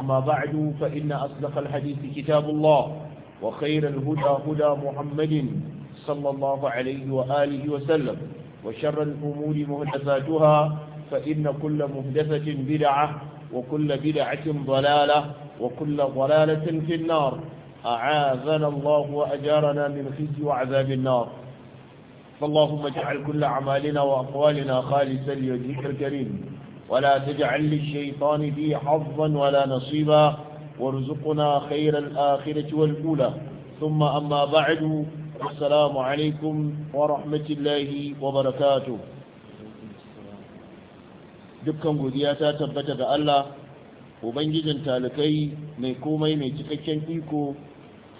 أما بعد فإن أصدق الحديث كتاب الله وخير الهدى هدى محمد صلى الله عليه وآله وسلم وشر الأمور مهدفاتها فإن كل مهدفة بدعة وكل بدعة ضلالة وكل ضلالة في النار أعاذنا الله وأجارنا من خزي وعذاب النار فاللهم اجعل كل أعمالنا وأقوالنا خالصا لوجهك الكريم ولا تجعل للشيطان فيه حظا ولا نصيبا وارزقنا خير الآخرة والأولى ثم أما بعد السلام عليكم ورحمة الله وبركاته dukkan godiya ta tabbata ga Allah ubangijin talikai mai komai mai cikakken iko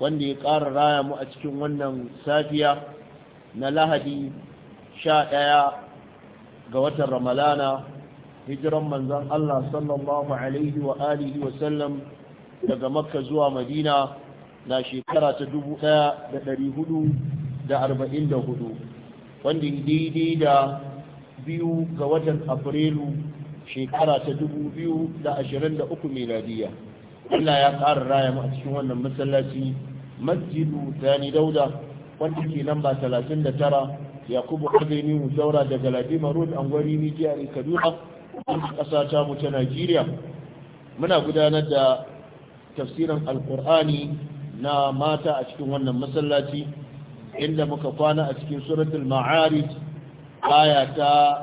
wanda ya ƙara raya mu a cikin wannan safiya na lahadi sha ɗaya ga watan ramalana hijiran manzan Allah sallallahu alaihi wa alihi wa sallam daga makka zuwa madina na shekara ta dubu ɗaya da ɗari hudu da arba'in da hudu wanda daidai da biyu ga watan afrilu shekara ta dubu biyu da ashirin da uku Allah ya ƙara raya a cikin wannan masallaci masjidu tani dauda wanda ke lamba talatin da tara yakubu azumi daura daga ladima road angwari mijiyar kaduna ƙasa ta mu ta Najeriya muna gudanar da tafsirin alkur'ani na mata a cikin wannan masallaci inda muka kwana a cikin suratul ma'arij aya ta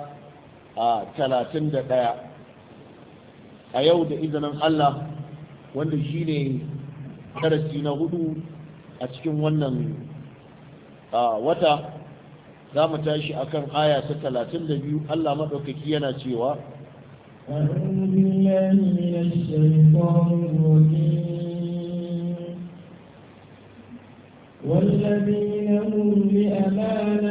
ɗaya. a yau da izinin Allah wanda shine darasi na hudu a cikin wannan wata za mu tashi akan aya ta 32 Allah maɗaukaki yana cewa أعوذ بالله من الشيطان الرجيم والذين هم لأمانة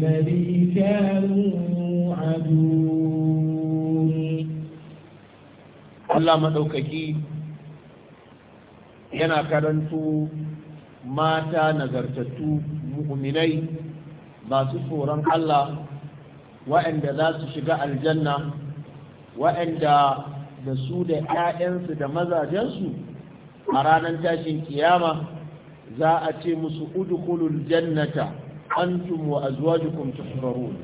الذي كانوا الله yana karanto mata nagartattu mu'minai masu tsoron Allah waɗanda za su shiga aljanna waɗanda da su da 'ya'yansu da mazajensu a ranar tashin kiyama za a ce musu udukulul jannata antum wa azwajukum tuhrarun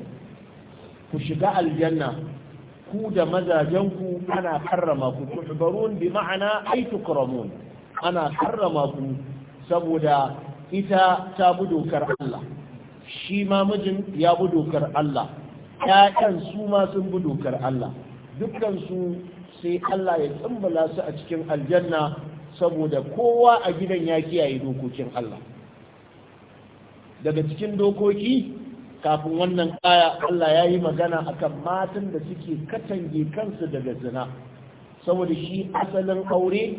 ku shiga aljanna ku da mazajenku ana karrama ku tuhrarun bi ma'ana ay tukramun ana karrama ku saboda ita ta bi dokar Allah shi ma mijin ya bi dokar Allah ƴaƴan su ma sun bi dokar Allah dukkan su sai Allah ya tsambala su a cikin aljanna saboda kowa a gidan ya kiyaye dokokin Allah daga cikin dokoki kafin wannan aya Allah ya yi magana akan matan da suke katange kansu daga zina saboda shi asalin aure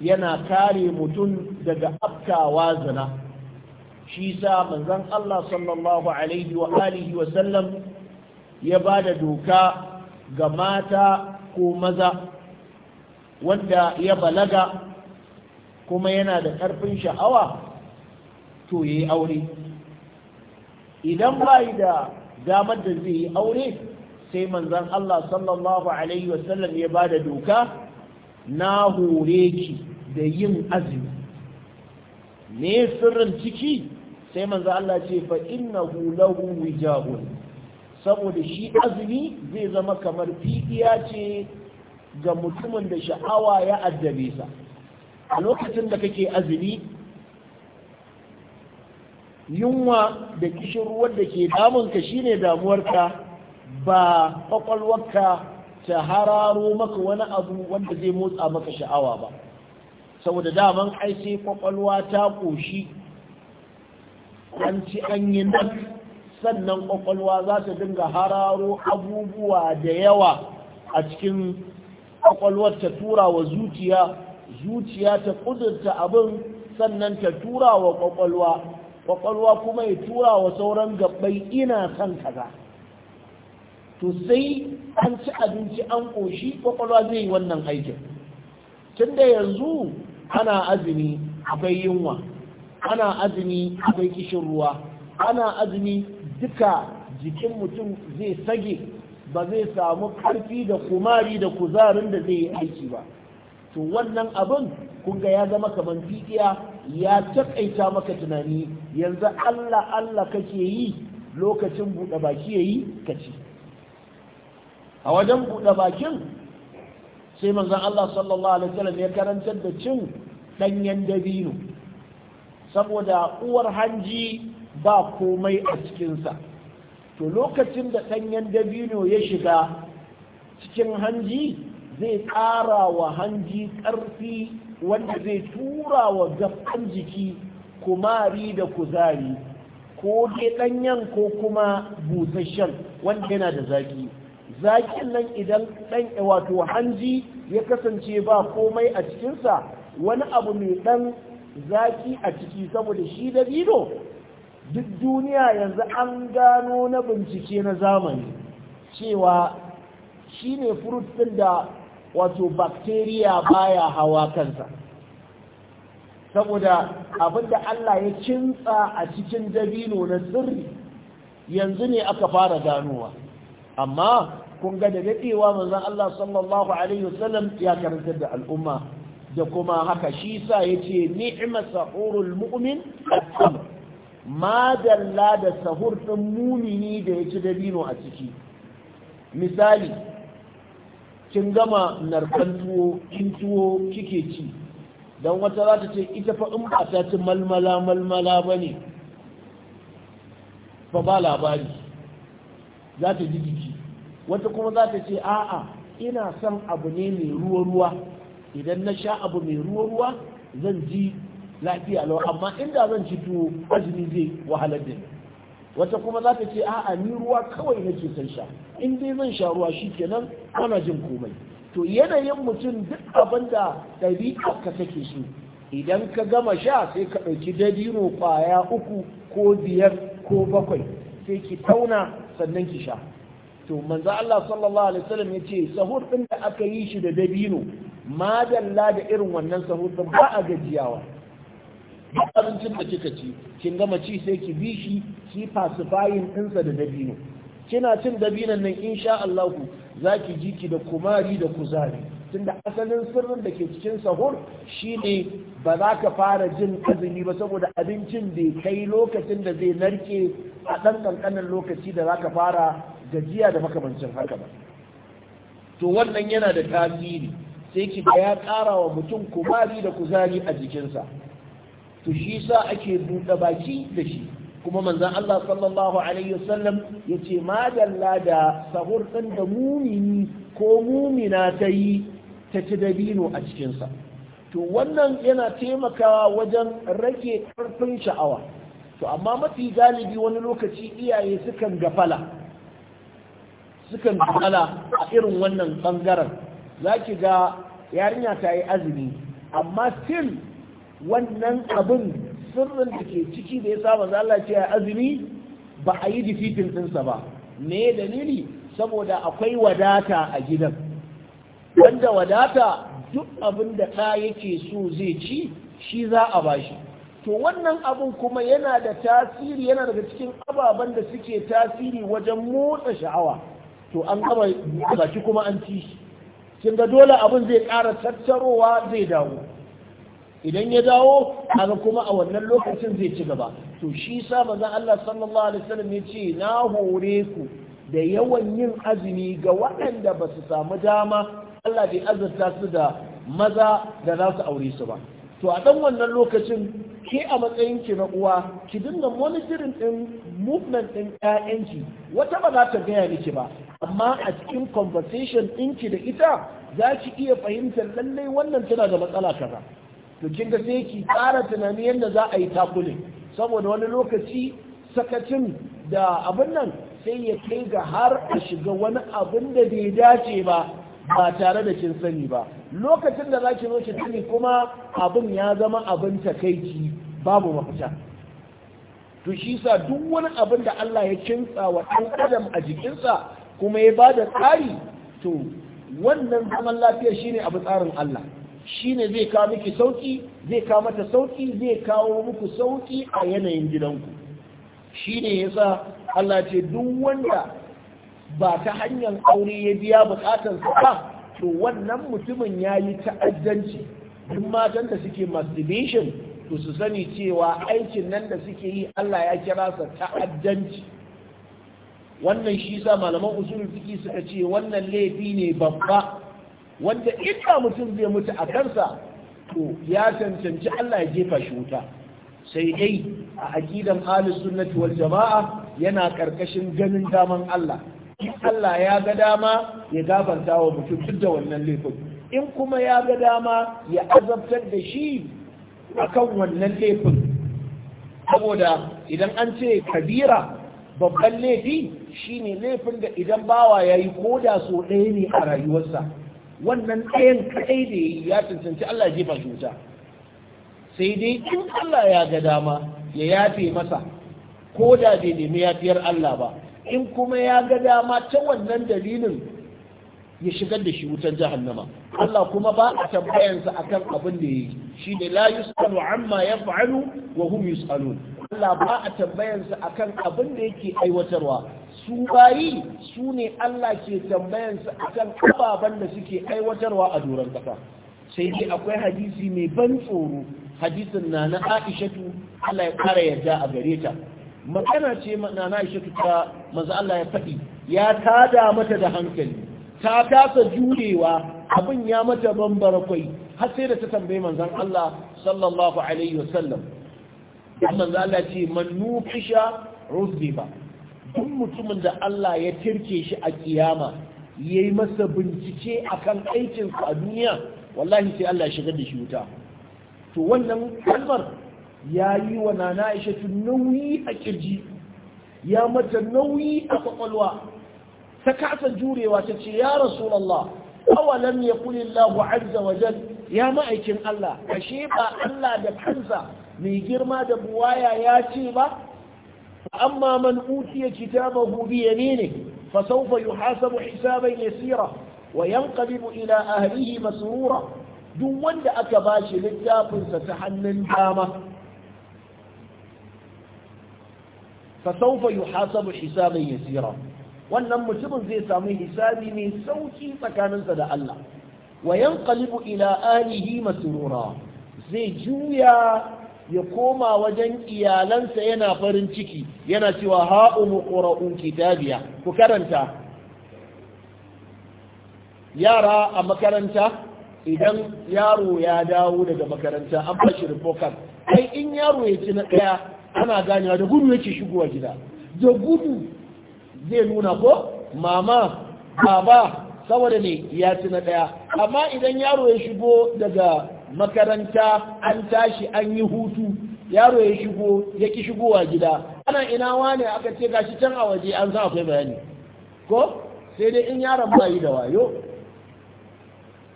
yana kare mutum daga abkawa zina shi sa manzon Allah sallallahu alaihi wa alihi wa sallam ya ba da doka ga mata ko maza wanda ya balaga kuma yana da ƙarfin sha'awa to ya yi aure idan yi da damar da zai yi aure sai manzan Allah sallallahu Alaihi wasallam ya ba da doka na hore ki da yin azumi ne sirrin ciki sai manzan Allah ce fa innahu lahu wijabun saboda shi azumi zai zama kamar fidiya ce ga mutumin da sha'awa ya addabe sa a lokacin da kake azumi yunwa da kishirwar da ke damunka shine damuwarka ba kwakwalwarka ta hararo maka wani abu wanda zai motsa maka sha'awa ba saboda daman aiki kwakwalwa ta ƙoshi an ci an yi nan sannan kwakwalwa za ta dinga hararo abubuwa da yawa a cikin kwakwalwar ta tura wa zuciya zuciya ta kudurta abin sannan ta tura wa kwakwalwa kwakwalwa kuma ya tura wa sauran gabbai ina son kaza to sai an ci abinci an ƙoshi kwakwalwa zai yi wannan aikin tunda yanzu ana azumi akwai yunwa ana azumi akwai kishin ruwa ana azumi duka jikin mutum zai sage ba zai samu karfi da kumari da kuzarin da zai yi aiki ba to wannan abin kun ga ya zama kamar fiƙiya ya takaita maka tunani yanzu Allah Allah kake yi lokacin buɗe baki yayi kaci a wajen buɗe bakin sai manzon Allah sallallahu alaihi wasallam ya karantar da cin ɗanyen dabino saboda uwar hanji ba komai a cikinsa to lokacin da ɗanyen dabino ya shiga cikin hanji zai ƙara wa hanji ƙarfi wanda zai tura wa gaban jiki kumari da kuzari ko ke ɗanyen ko kuma busasshen wanda yana da zaki zakin nan idan ɗan wato hanji ya kasance ba komai a cikinsa wani abu mai ɗan zaki a ciki saboda shi da bido duk duniya yanzu an gano na bincike na zamani cewa shi ne ɗin da wato bakteriya baya hawa kansa saboda abinda Allah ya kintsa a cikin dabino na sirri yanzu ne aka fara ganowa amma kun ga da daɗewa manzon Allah sallallahu alaihi wasallam ya karantar da al'umma da kuma haka shi sa yace ni'ma sahurul mu'min ma dalla da sahur din mumini da ci dabino a ciki misali kin gama narkan tuwo kin tuwo kike ci don wata za ta ce ita fa in ba ta ci malmala malmala ba ne fa ba labari za ta ji jiki wata kuma za ta ce a'a ina son abu ne mai ruwa-ruwa idan na sha abu mai ruwa-ruwa zan ji lafiya lau amma inda zan ci tuwo azumi zai wahalar da ni wata kuma za ta ce a'a ni ruwa kawai nake son sha in dai zan sha ruwa shi kenan ana jin komai to yanayin mutum duk abin da ɗabi'a ka take su idan ka gama sha sai ka ɗauki dabino ƙwaya uku ko biyar ko bakwai sai ki tauna sannan ki sha to manzo Allah sallallahu alaihi wasallam yace sahur din da aka yi shi da dabino madalla da irin wannan sahur din ba a gajiyawa duk abincin da kika ci kin gama ci sai ki bi shi ki pacifying ɗinsa da dabino kina cin dabinon nan insha Allah za ki ji ki da kumari da kuzari tunda asalin sirrin da ke cikin sahur shine ba za ka fara jin azumi ba saboda abincin bai kai lokacin da zai narke a ɗan ƙanƙanin lokaci da za ka fara gajiya da makamancin haka ba to wannan yana da tasiri sai ki ya ƙara wa mutum kumari da kuzari a jikinsa to shi sa ake buɗe baki da shi kuma manzan Allah sallallahu alaihi wasallam ya ce madalla da sahur ɗin da mumini ko mumina ta yi ta ci dabino a cikinsa to wannan yana taimakawa wajen rage ƙarfin sha'awa to amma mafi galibi wani lokaci iyaye sukan gafala sukan gafala a irin wannan ɓangaren za ki ga yarinya ta yi azumi amma still wannan abin sirrin da ke ciki da ya sa zalaci Allah ce azumi ba a yi difitin dinsa ba me dalili saboda akwai wadata a gidan wanda wadata duk abin da ɗa yake so zai ci shi za a bashi to wannan abin kuma yana da tasiri yana daga cikin ababen da suke tasiri wajen motsa sha'awa to an gama baki kuma an ci shi kin ga dole abin zai ƙara tattarowa zai dawo idan ya dawo kaga kuma a wannan lokacin zai ci gaba to shi sa bazan Allah sallallahu alaihi wasallam ya ce na hore ku da yawan yin azumi ga waɗanda ba su samu dama Allah bai azurta su da maza da za su aure su ba to a ɗan wannan lokacin ke a matsayin ki na uwa ki dinga monitoring ɗin movement ɗin ƴaƴanki wata ba za ta gaya miki ba amma a cikin conversation ɗinki da ita za ki iya fahimtar lallai wannan tana da matsala kaza to kin ga sai ki ƙara tunani yadda za a yi takulin saboda wani lokaci sakacin da abin nan sai ya kai ga har a shiga wani abin da bai dace ba ba tare da kin sani ba lokacin da za ki zo ki tuni kuma abin ya zama abin takaici babu mafita to shi sa duk wani abin da Allah ya kintsa wa ɗan adam a jikinsa kuma ya bada tsari to wannan zaman lafiya shine abu tsarin Allah ne zai kawo miki sauki zai kawo mata sauki zai kawo muku sauki a yanayin gidanku shine yasa Allah ce duk wanda ba ta hanyar aure ya biya bukatarsa ba to wannan mutumin ya yi ta'addanci duk matan da suke masturbation to su sani cewa aikin nan da suke yi Allah ya kira sa ta'addanci wannan shi sa malaman usulul fiqi suka ce wannan laifi ne babba wanda inda mutum zai mutu a kansa to ya cancanci Allah ya jefa shi wuta sai dai a aqidan ahlus sunnati wal jamaa yana karkashin ganin daman Allah in Allah ya ga dama ya gafarta wa mutum duk da wannan laifin in kuma ya ga dama ya azabtar da shi akan wannan laifin saboda idan an ce kabira babban laifi shine laifin da idan bawa yayi koda so ɗaya ne a rayuwarsa wannan ɗayan kaɗai da ya yi ya cancanci Allah ya jefa shi sai dai in Allah ya ga dama ya yafe masa ko da bai nemi yafiyar Allah ba in kuma ya ga dama ta wannan dalilin ya shigar da shi wutar jahannama Allah kuma ba a tambayansa akan abin da yayi shi ne la yusalu amma yaf'alu wa hum yusalun Allah ba a tambayansa akan abin da yake aiwatarwa su bayi su ne Allah ke tambayansu akan ababen da suke aiwatarwa a doron kasa. sai dai akwai hadisi mai ban tsoro hadisin na na aishatu Allah ya ƙara yarda a gare ta magana ce na na aishatu ta maza Allah ya faɗi ya tada mata da hankali ta kasa jurewa abin ya mata bambara kwai har sai da ta tambaye manzon Allah sallallahu alaihi wasallam manzon Allah ce man nufisha ruziba duk mutumin da Allah ya tirke shi a kiyama ya yi masa bincike a kan aikinsu a duniya wallahi sai Allah ya shigar da shi wuta to wannan kalmar ya yi wa nana aisha nauyi a kirji ya mata nauyi a kwakwalwa ta kasa jurewa ta ce ya rasulallah awalam ya kuli Allah azza wa jal ya ma'aikin Allah ashe ba Allah da kansa mai girma da buwaya ya ce ba فأما من أوتي كتابه بيمينه فسوف يحاسب حسابا يسيرا وينقلب إلى أهله مسرورا duk wanda aka ba shi littafinsa ta hannun dama fasaufa yi hasabu hisabin yasira wannan mutumin zai samu hisabi mai sauki tsakaninsa da Allah wa yanqalibu ila alihi masrura zai juya ya koma wajen iyalansa yana farin ciki yana cewa ha'umu ƙura'un kitabiya ku karanta yara a makaranta idan yaro ya dawo daga makaranta an bashi rufokan ai in yaro ya ci na ɗaya ana ganewa da gudu yake shigowa gida da gudu zai nuna ko mama baba saboda ne ya ci na ɗaya amma idan yaro ya shigo daga makaranta an tashi an yi hutu yaro ya shigo ya ki shigowa gida ana ina wane aka ce gashi can a waje an san akwai bayani ko sai dai in yaron ba yi da wayo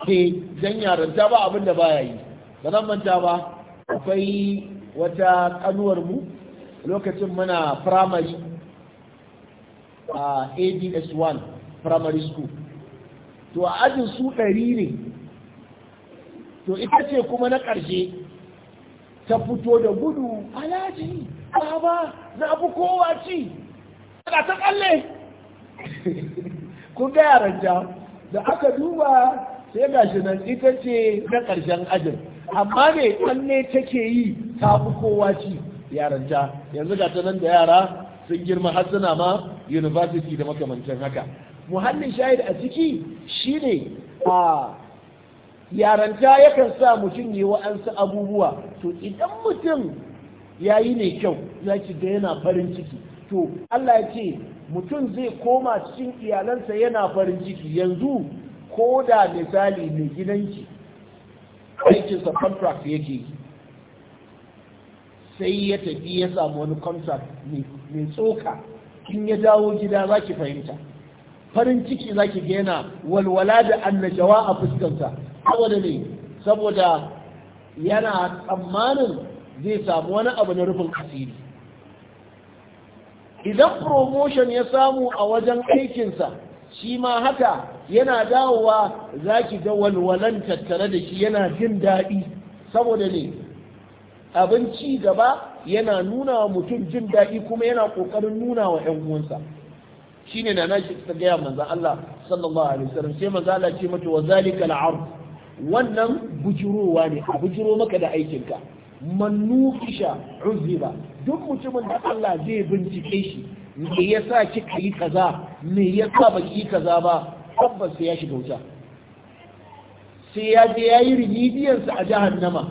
ke eh, dan yaron ta ba abin da ba yi ba zan manta ba akwai wata kanuwar mu lokacin muna primary a ads1 primary school to a ajin su ɗari ne to ita ce kuma na ƙarshe ta fito da gudu alhaji ba na abu kowa ci ta ta kalle kun ga yaran da aka duba sai ga shi nan ita ce na ƙarshen ajin amma ne kalle take yi ta fi kowa ci yaran ja yanzu ga ta nan da yara sun girma har ma university da makamancin haka muhallin shahid a ciki shine a yaranta yakan sa mutum yi wa'ansu abubuwa to idan mutum ya yi mai kyau za ki ga yana farin ciki to Allah ya ce mutum zai koma cikin iyalansa yana farin ciki yanzu ko da misali mai gidanki aikinsa contract yake sai ya tafi ya samu wani contract mai tsoka in ya dawo gida za ki fahimta farin ciki za ki yana walwala da annajawa a fuskansa saboda ne saboda yana tsammanin zai samu wani abu na rufin asiri idan promotion ya samu a wajen aikinsa shi ma haka yana dawowa za ki ga walwalan tattare da shi yana jin daɗi saboda ne abin ci gaba yana nuna wa mutum jin daɗi kuma yana ƙoƙarin nuna wa ‘yan uwansa shi ne na na ta gaya manzan Allah sallallahu alaihi wasallam sai manzan Allah ce mata wa zalika al'arf wannan bujirowa ne a bujiro maka da aikinka manufisha uziba duk mutumin da Allah zai bincike shi me yasa kika yi kaza me yasa baki kaza ba tabbas sai ya shiga wuta sai ya je yayi rimidiyar sa a jahannama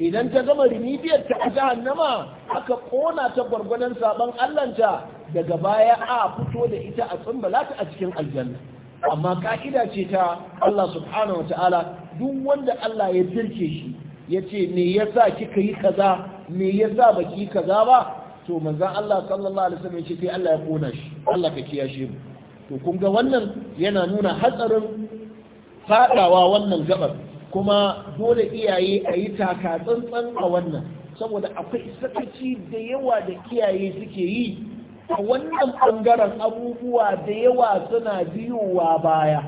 idan ta gama rimidiyar ta a jahannama aka kona ta gwargwadon saban Allah daga baya a fito da ita a tsumbala ta a cikin aljanna amma ka'ida ce ta Allah subhanahu wataala duk wanda Allah ya tirke shi ya ce me yasa kika yi kaza me yasa baki kaza ba to manzon Allah sallallahu alaihi wasallam ya ce sai Allah ya kona shi Allah ka kiya shi to kun ga wannan yana nuna hatsarin fadawa wannan gabar kuma dole iyaye a yi taka tsantsan a wannan saboda akwai sakaci da yawa da iyaye suke yi a wannan ɓangaren abubuwa da yawa suna biyowa baya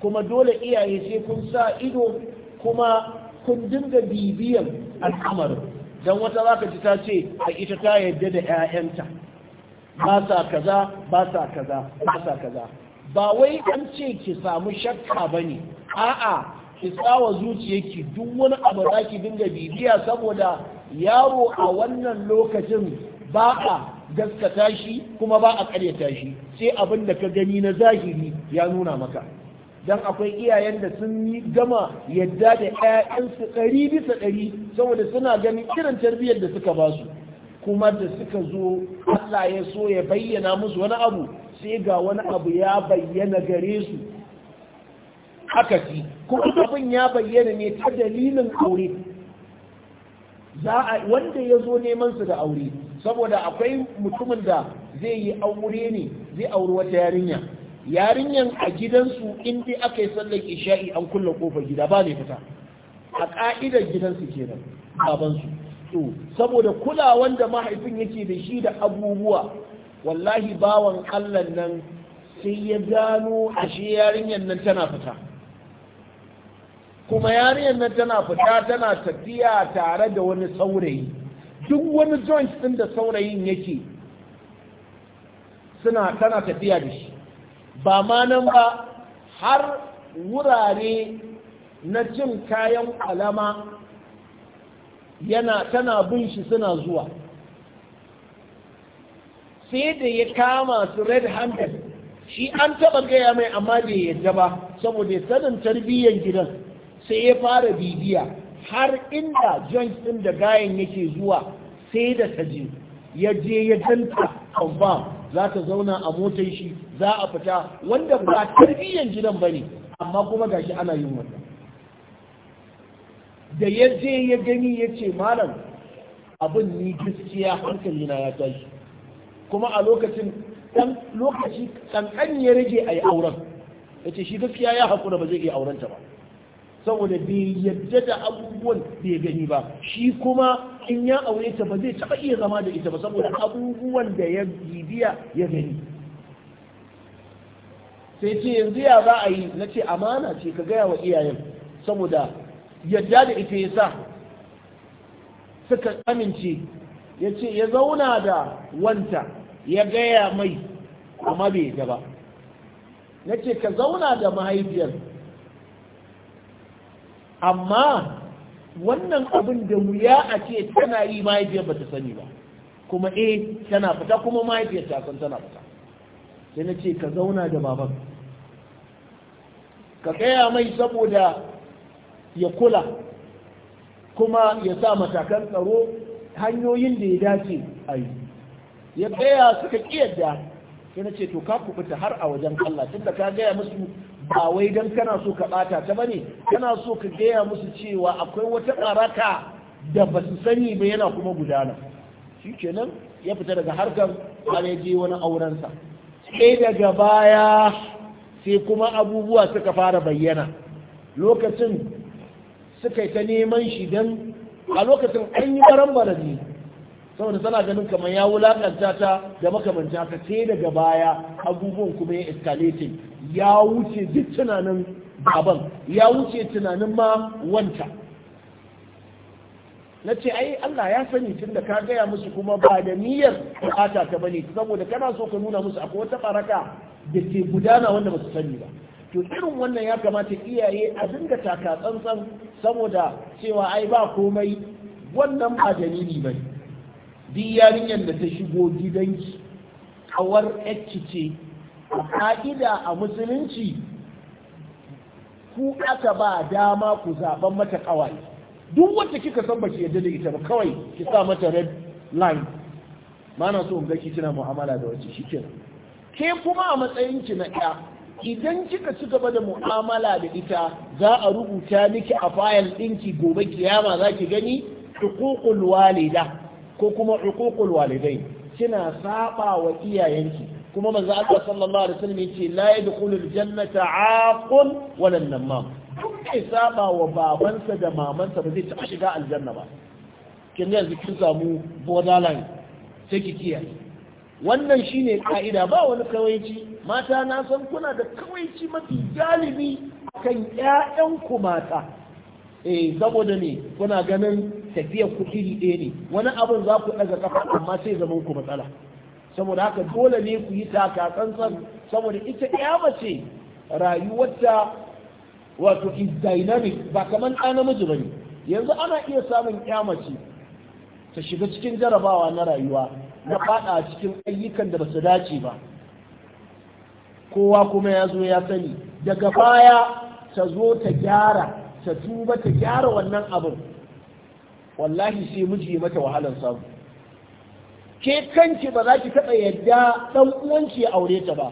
kuma dole iyaye sai kun sa ido kuma kun dinga bibiyan al'amarin don wata za ta ce a ita ta yadda da 'ya'yanta ba sa kaza ba sa kaza ba sa kaza ba wai an ce ki samu shakka ba ne a'a ki tsawa zuciyarki duk wani abu za ki dinga bibiya saboda yaro a wannan lokacin ba a gaskata shi kuma ba a karyata shi sai abin da ka gani na zahiri ya nuna maka dan akwai iyayen da sun yi gama yadda da 'ya'yansu ɗari bisa ɗari saboda suna ganin irin tarbiyyar da suka ba su kuma da suka zo Allah ya so ya bayyana musu wani abu sai ga wani abu ya bayyana gare su akasi kuma abin ya bayyana ne ta dalilin aure za a wanda ya zo neman su da aure saboda akwai mutumin da zai yi aure ne zai auri wata yarinya yarinyan a gidansu in dai aka yi sallar isha'i an kulle kofar gida ba ne fita a ka'idar gidansu kenan babansu to saboda kulawan da mahaifin yake da shi da abubuwa wallahi bawan allan nan sai ya gano ashe yarinyan nan tana fita kuma yarinyar nan tana fita tana tafiya tare da wani saurayi duk wani joint ɗin da saurayin yake suna tana tafiya da shi ba ma nan ba har wurare na cin kayan alama yana tana bin shi suna zuwa sai da ya kama su red handed shi an taɓa gaya mai amma da yadda ba saboda sanin tarbiyyar gidan sai ya fara bibiya har inda joint ɗin da gayan yake zuwa sai da ta je ya je ya danta confirm za ta zauna a motar shi za a fita wanda ba tarbiyyar gidan ba ne amma kuma gashi ana yin wannan da ya je ya gani ya ce malam abin ni gaskiya hankali na ya tashi kuma a lokacin dan lokaci kankan ya rage a yi auren ya shi gaskiya ya haƙura ba zai iya aurenta ba saboda bai yadda da abubuwan da ya gani ba shi kuma in ya aure ta ba zai taba iya zama da ita ba saboda abubuwan da ya bibiya ya gani sai ce yanzu ya za a yi na ce amana ce ka gaya wa iyayen saboda yadda da ita ya sa suka amince ya ce ya zauna da wanta ya gaya mai kuma bai yadda ba na ce ka zauna da mahaifiyar amma wannan abin da wuya a ce tana yi mahaifiyar bata sani ba kuma eh tana fita kuma mahaifiyar ta san tana fita sai na ce ka zauna da baban ka gaya mai saboda ya kula kuma ya sa matakan tsaro hanyoyin da ya dace a yi ya gaya suka da sai na ce to ka fita har a wajen Allah tun da ka gaya musu ba wai don kana so ka ɓata ta bane kana so ka gaya musu cewa akwai wata ƙaraka da ba su sani ba yana kuma gudana shi kenan ya fita daga harkar har ya je wani aurensa sai daga baya sai kuma abubuwa suka fara bayyana lokacin suka yi ta neman shi don a lokacin an yi baran barani saboda tana ganin kamar ya wulakanta ta da makamanta ta ce daga baya abubuwan kuma ya escalating ya wuce duk tunanin baban ya wuce tunanin ma wanta na ce ai Allah ya sani tun da ka gaya musu kuma ba da niyyar bukata ta bane saboda kana so ka nuna musu akwai wata baraka da ke gudana wanda ba su sani ba to irin wannan ya kamata iyaye a dinga taka tsantsan saboda cewa ai ba komai wannan ba dalili bane duk yarinyar da ta shigo gidanki kawar yacci ce a ka'ida a musulunci ku aka ba dama ku zaben mata kawai duk wacce kika san baki yadda da ita ba kawai ki sa mata red line mana so ga ki kina mu'amala da wacce shikenan ke kuma a matsayin ki na ɗaya idan kika ci gaba da mu'amala da ita za a rubuta miki a fayil ɗinki gobe kiyama za ki gani hukukul walida ko kuma hukukul walidai kina saba wa iyayenki kuma manzo Allah sallallahu alaihi wasallam yace la yadkhulu aljannata 'aqun wala namam duk saba wa babansa da mamansa ba zai taba shiga aljanna ba kin yanzu kin samu borderline sai ki wannan shine ka'ida ba wani kawaici mata na san kuna da kawaici mafi galibi kan 'ya'yanku mata eh saboda ne kuna ganin tafiyar kuɗi ɗaya ne wani abin za ku ɗaga kafa amma sai zaman ku matsala saboda haka dole ne ku yi taka tsantsan saboda ita ya mace rayuwarta wato is dynamic ba kamar ɗa namiji ba ne yanzu ana iya samun ya mace ta shiga cikin jarabawa na rayuwa na faɗa cikin ayyukan da ba su dace ba kowa kuma ya zo ya sani daga baya ta zo ta gyara ta tuba ta gyara wannan abin wallahi sai miji mata wahalan samu ke kanki ba za ki taɓa yadda ɗan uwanki ya aure ta ba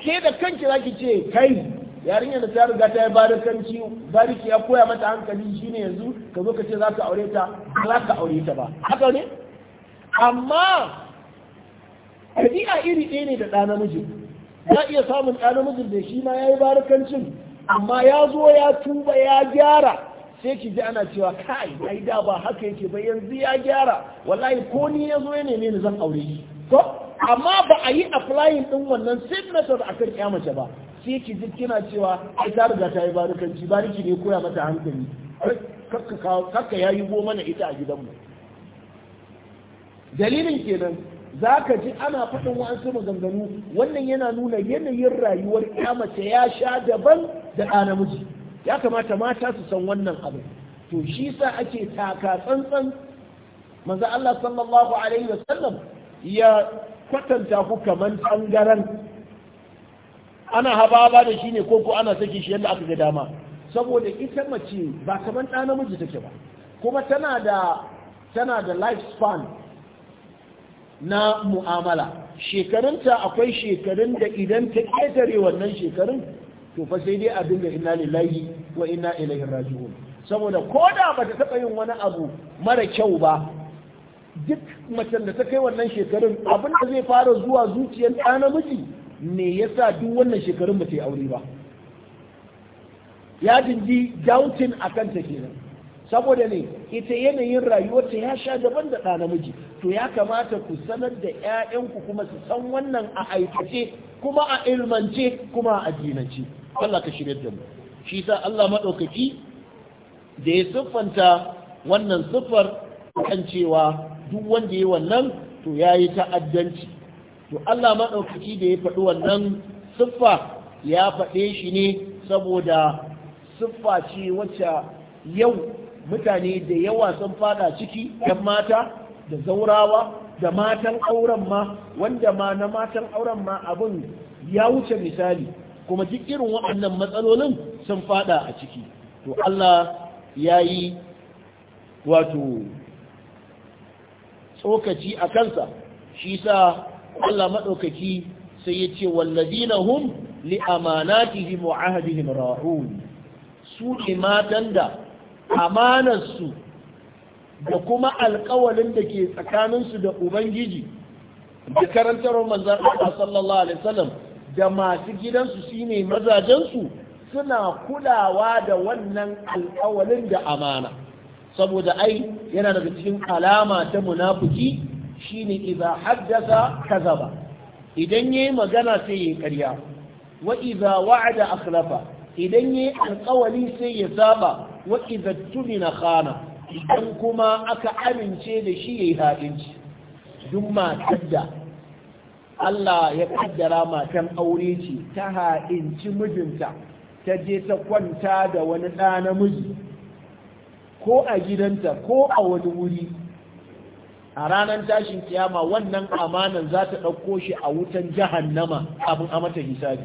ke da kanki za ki ce kai yarinyar da ta riga ta yi barikanci bariki ya koya mata hankali shine yanzu ka zo ka ce za ka aure ta ba za ka aure ta ba haka ne amma ɗabi'a iri ɗaya ne da ɗa namiji za iya samun ɗa namijin da shi ma ya yi barikancin amma ya zo ya tuba ya gyara sai ki ji ana cewa kai ai da ba haka yake ba yanzu ya gyara wallahi ko ni ya zo ya ne zan aure shi ko amma ba a yi applying din wannan same method akan ƴa mace ba sai ki ji kina cewa ai ta riga ta yi barkanci bariki ne koya mata hankali kakka yayi goma na ita a gidanmu dalilin kenan za ka ji ana faɗin wa'ansu maganganu wannan yana nuna yanayin rayuwar ya mace ya sha daban da ɗa namiji ya kamata mata su san wannan abu to shi sa ake taka tsantsan manzo Allah sallallahu alaihi sallam, ya kwatanta ku kaman tangaran ana hababa da shi ne ko ko ana saki shi yadda aka ga dama saboda ita mace ba kaman ɗa namiji take ba kuma tana da tana da life span na mu'amala shekarunta akwai shekarun da idan ta ƙetare wannan shekarun to fa sai dai abin da inna lillahi wa inna ilaihi raji'un saboda ko da ba ta taɓa yin wani abu mara kyau ba duk macen da ta kai wannan shekarun abin da zai fara zuwa zuciyar ɗa namiji me yasa duk wannan shekarun ba ta yi aure ba ya dindi doubting akan ta kenan saboda ne ita yanayin rayuwarta ya sha daban da namiji to ya kamata ku sanar da 'ya'yanku kuma su san wannan a aikace kuma a ilmance kuma a addinance Allah ka shirya da mu shi sa Allah maɗaukaki da ya siffanta wannan siffar kan cewa duk wanda ya wannan to ya yi ta'addanci to Allah maɗaukaki da ya faɗi wannan siffa ya faɗe shi ne saboda siffa ce wacce yau mutane da yawa sun fada ciki yan mata da zaurawa da matan auren ma wanda ma na matan auren ma abin ya wuce misali kuma duk irin waɗannan matsalolin sun fada a ciki to Allah ya yi wato tsokaci a kansa shi sa Allah maɗaukaki sai ya ce wallazina hum li amanatihim wa ahdihim ra'un su ne matan da amanarsu da kuma alkawalin da ke tsakaninsu da ubangiji da karantar manzan Allah sallallahu alaihi wasallam da masu gidansu shine mazajensu suna kulawa da wannan alkawalin da amana saboda ai yana daga cikin alama ta munafiki shine idza haddasa kazaba idan yi magana sai yayi karya. wa idza wa'ada akhlafa idan yi alkawali sai ya saba wa idza tumina khana idan kuma aka amince da shi yayi haɗinci duk matar da Allah ya kaddara matan aure ce ta haɗinci mijinta ta je ta kwanta da wani ɗa namiji ko a gidanta ko a wani wuri a ranar tashin kiyama wannan amanan za ta ɗauko shi a wutan jahannama abin a mata hisabi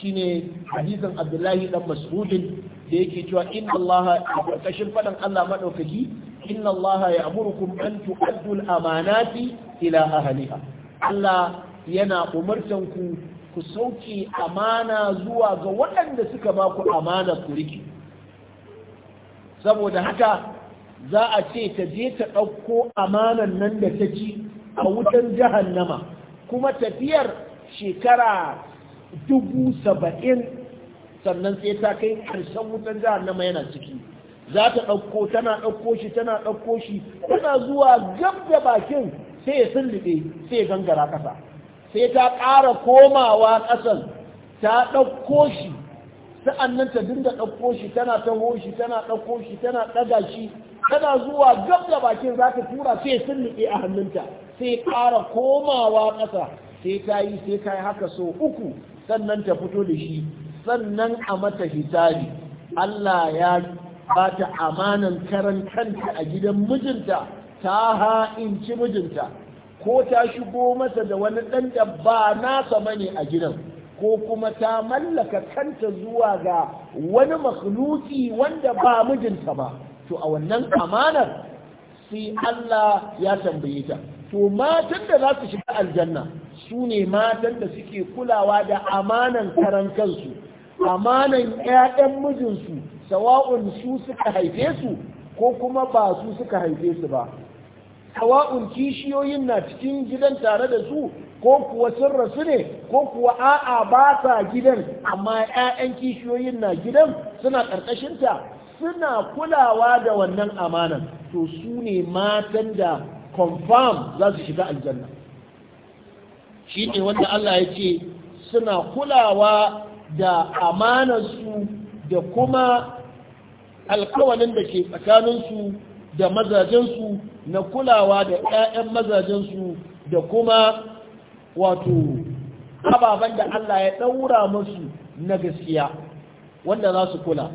shine hadisin abdullahi dan mas'udin da yake cewa inna Allah a ƙarƙashin faɗin Allah maɗaukaki inna Allah ya amurkum an tu'addu amanati ila ahliha Allah yana umartan ku ku sauke amana zuwa ga waɗanda suka ba ku amana ku riki saboda haka za a ce ta je ta ɗauko amanan nan da ta ci a wutan jahannama kuma tafiyar shekara dubu saba'in sannan sai ta kai harshen wutan jahannama yana ciki za ta ɗauko tana ɗauko shi tana ɗauko shi tana zuwa gab da bakin sai ya sulluɓe sai ya gangara ƙasa sai ta ƙara komawa ƙasan ta ɗauko shi sa'annan ta dinga ɗauko shi tana taho shi tana ɗauko shi tana ɗaga shi tana zuwa gab da bakin za ta tura sai ya sulluɓe a hannunta sai ƙara komawa ƙasa sai ta yi sai ta yi haka so uku sannan ta fito da shi sannan a mata hisabi Allah ya ba ta amanan karan a gidan mijinta ta ha'inci mijinta ko ta shigo masa da wani ɗan da ba nasa bane a gidan ko kuma ta mallaka kanta zuwa ga wani makhluki wanda ba mijinta ba to a wannan amanar sai Allah ya tambaye ta to matan da za su shiga aljanna su ne matan da suke kulawa da amanan karan kansu amanan ƴaƴan mijinsu sawa'un su suka haife su ko kuma ba su suka haife su ba sawa'un kishiyoyin na cikin gidan tare da su ko kuwa sun rasu ne ko kuwa a'a ba sa gidan amma ƴaƴan kishiyoyin na gidan suna ƙarƙashinta suna kulawa da wannan amanan to su ne matan da confirm za su shiga aljanna shi ne wanda Allah ya ce suna kulawa da amanarsu da kuma alkawalin da ke tsakaninsu da mazajensu na kulawa da 'ya'yan mazajensu da kuma wato ababen da Allah ya ɗaura musu na gaskiya wanda za su kula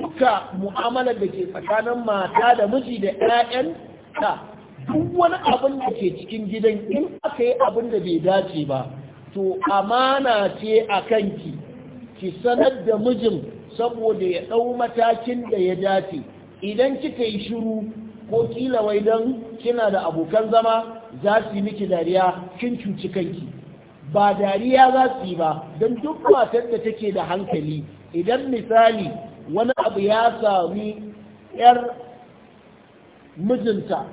duka mu'amalar da ke tsakanin mata da miji da 'ya'yan ta duk wani abin da ke cikin gidan in aka yi abin da bai dace ba to amana ce a kanki ki sanar da mijin saboda ya ɗau matakin da ya dace idan kika yi shiru ko kila wai don kina da abokan zama za su yi miki dariya kin cuci kanki ba dariya za su yi ba don duk matar da take da hankali idan misali wani abu ya sami 'yar mijinta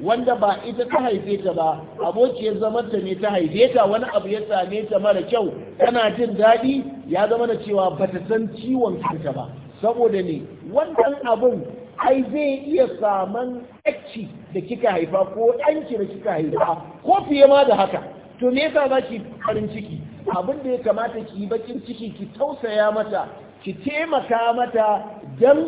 wanda ba ita ta haife ta ba abokiyar zamanta ne ta haife ta wani abu ya same ta mara kyau tana jin daɗi ya zama da cewa ba ta san ciwon kanta ba saboda ne wannan abun ai zai iya saman ɗanci da kika haifa ko ɗanki da kika haifa ko fiye ma da haka to me yasa za ki farin ciki abin da ya kamata ki yi bakin ciki ki tausaya mata ki taimaka mata don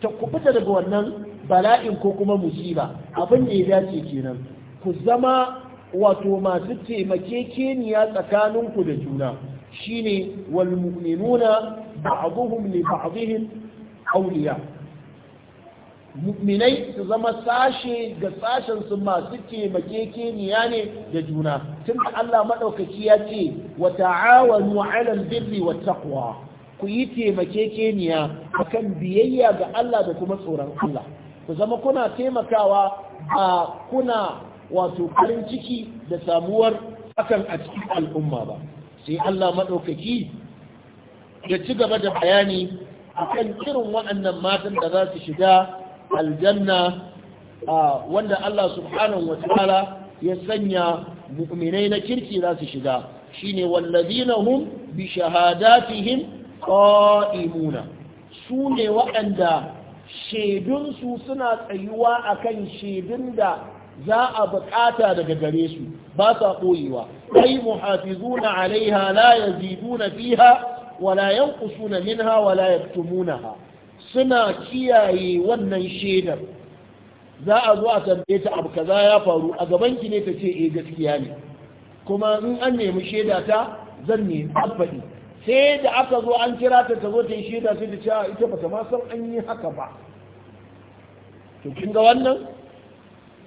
ta kubuta daga wannan bala'in ko kuma musiba abin da ya dace kenan ku zama wato masu taimakekeniya tsakaninku da juna shine wal mu'minuna ba'dhum li ba'dihim awliya mu'minai su zama sashe ga sashen su masu taimakekeniya ne da juna tun da Allah madaukaki ya ce wa ta'awanu 'alal birri wat taqwa ku yi taimakekeniya akan biyayya ga Allah da kuma tsoron Allah ku zama kuna taimakawa a kuna wato farin ciki da samuwar hakan a cikin al'umma ba sai Allah maɗaukaki ya ci gaba da bayani akan irin waɗannan matan da za su shiga aljanna wanda Allah subhanahu wa ta'ala ya sanya mu'minai na kirki za su shiga shine wallazina hum bi shahadatihim qa'imuna su ne waɗanda shaidunsu suna tsayuwa akan shaidun da za a bukata daga gare su ba sa ɓoyewa ai muhafizuna alaiha la na fiha wala yanqusuna minha wala ha. suna kiyaye wannan shaidar za a zo a tambaye ta abu kaza ya faru a gaban ki ne ta ce eh gaskiya ne kuma in an nemi shaida ta zan nemi faɗi sai da aka zo an kira ta ta zo ta yi shaida sai da cewa ita ba ta ma san an yi haka ba to kin ga wannan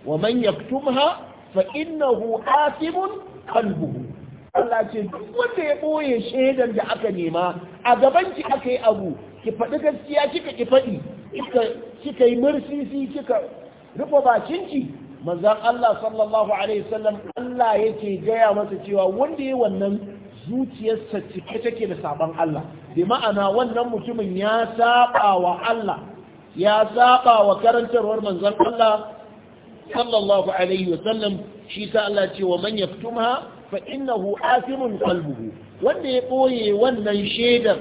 wa man yaktumha fa innahu athimun qalbuhu Allah ce duk wanda ya boye shaidar da aka nema a gaban ki aka yi abu ki faɗi gaskiya kika ki faɗi kika yi mursisi kika rufe ki. manzon Allah sallallahu alaihi wasallam Allah yake gaya masa cewa wanda ya wannan zuciyarsa cike take da saban Allah bi ma'ana wannan mutumin ya saba wa Allah ya saba wa karantarwar manzon Allah sallallahu alaihi wa sallam shi ta Allah ce wa man yaktumha fa innahu qalbuhu wanda ya ɓoye wannan shedar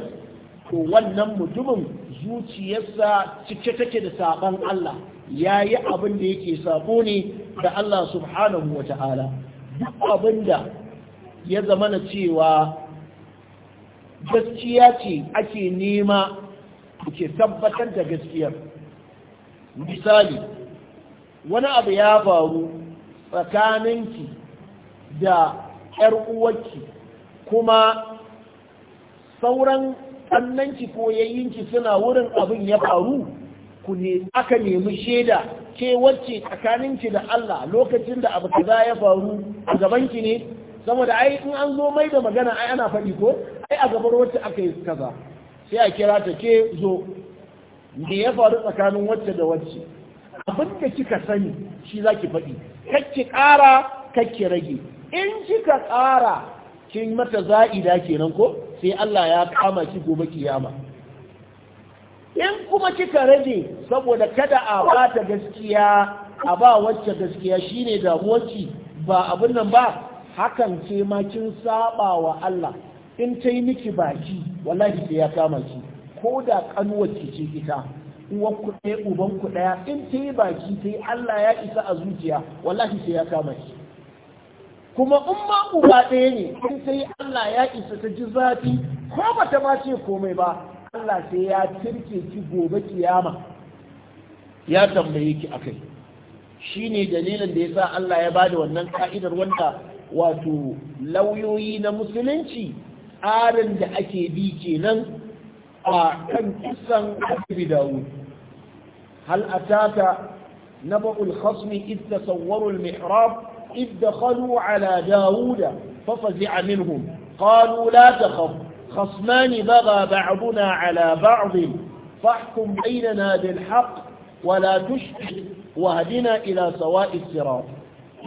to wannan mutumin zuciyarsa cike take da saban Allah yayi abin da yake sabo ne da Allah subhanahu wa ta'ala duk abinda ya zama na cewa gaskiya ce ake nema ke tabbatar da gaskiyar misali wani abu ya faru tsakaninki da 'yar uwarki kuma sauran ƙannanki ko yayyinki suna wurin abin ya faru ku ne aka nemi shaida ke wacce tsakaninki da Allah lokacin da abu kaza ya faru a gabanki ne saboda ai in an zo mai da magana ai ana faɗi ko ai a gabar wacce aka yi kaza sai a kira ta ke zo me ya faru tsakanin wacce da wacce abin da kika sani shi za ki faɗi ki ƙara ki rage in kika ƙara kin mata za'ida kenan ko sai Allah ya kama ki gobe kiyama in kuma kika rage saboda kada a bata gaskiya a ba wacce gaskiya shine damuwarki ba abin nan ba hakan ce ma kin saba wa Allah in ta yi miki baki wallahi sai ya kama ki ko da kanuwar ki ce ita uwan ku ɗaya uban ku ɗaya in ta yi baki sai Allah ya isa a zuciya wallahi sai ya kama ki kuma in ma uba ɗaya ne in sai Allah ya isa ta ji zafi ko ba ta ma ce komai ba Allah sai ya tirke ki gobe kiyama ya tambaye ki akai shine dalilin da yasa Allah ya bada wannan ka'idar wanda wato lauyoyi na musulunci tsarin da ake bi kenan a kan kisan abu dawud hal ataka نبأ الخصم إذ تصوروا المحراب إذ دخلوا على داود ففزع منهم قالوا لا تخف خصمان بغى بعضنا على بعض فاحكم بيننا بالحق ولا تشتك واهدنا إلى سواء الصراط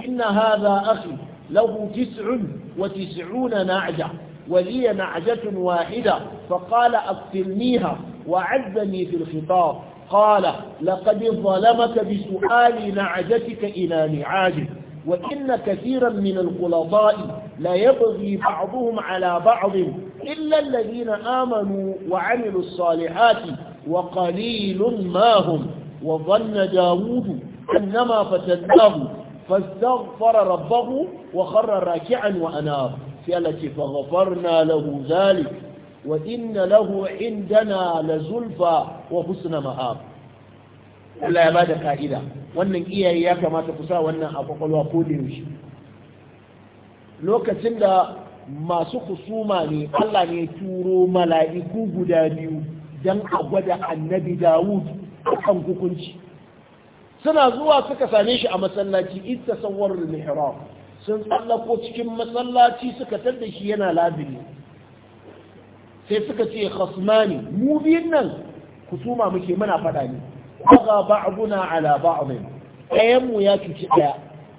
إن هذا أخي له تسع وتسعون نعجة ولي نعجة واحدة فقال أكثرنيها وعزني في الخطاب قال لقد ظلمك بسؤال نعجتك إلى نعاج وإن كثيرا من الخلطاء لا يبغي بعضهم على بعض إلا الذين آمنوا وعملوا الصالحات وقليل ما هم وظن داود أنما فتناه fastaghfara rabbahu wa kharra raki'an wa anab sai Allah ce fa ghafarna lahu zalik wa lahu indana la zulfa wa husna ma'ab Allah ya bada ka'ida wannan iyaye ya kamata ku sa wannan a kwakwalwa ko da yaushe lokacin da masu kusuma ne Allah ne turo mala'iku guda biyu don a gwada annabi Dawud kan hukunci suna zuwa suka same shi a masallaci ita sawar mihrab sun tsallako cikin masallaci suka tadda shi yana labiri sai suka ce khasmani mu biyun nan kusuma muke muna fada ne aga ba'duna ala ba'dhin ɗayan ya cuci ɗaya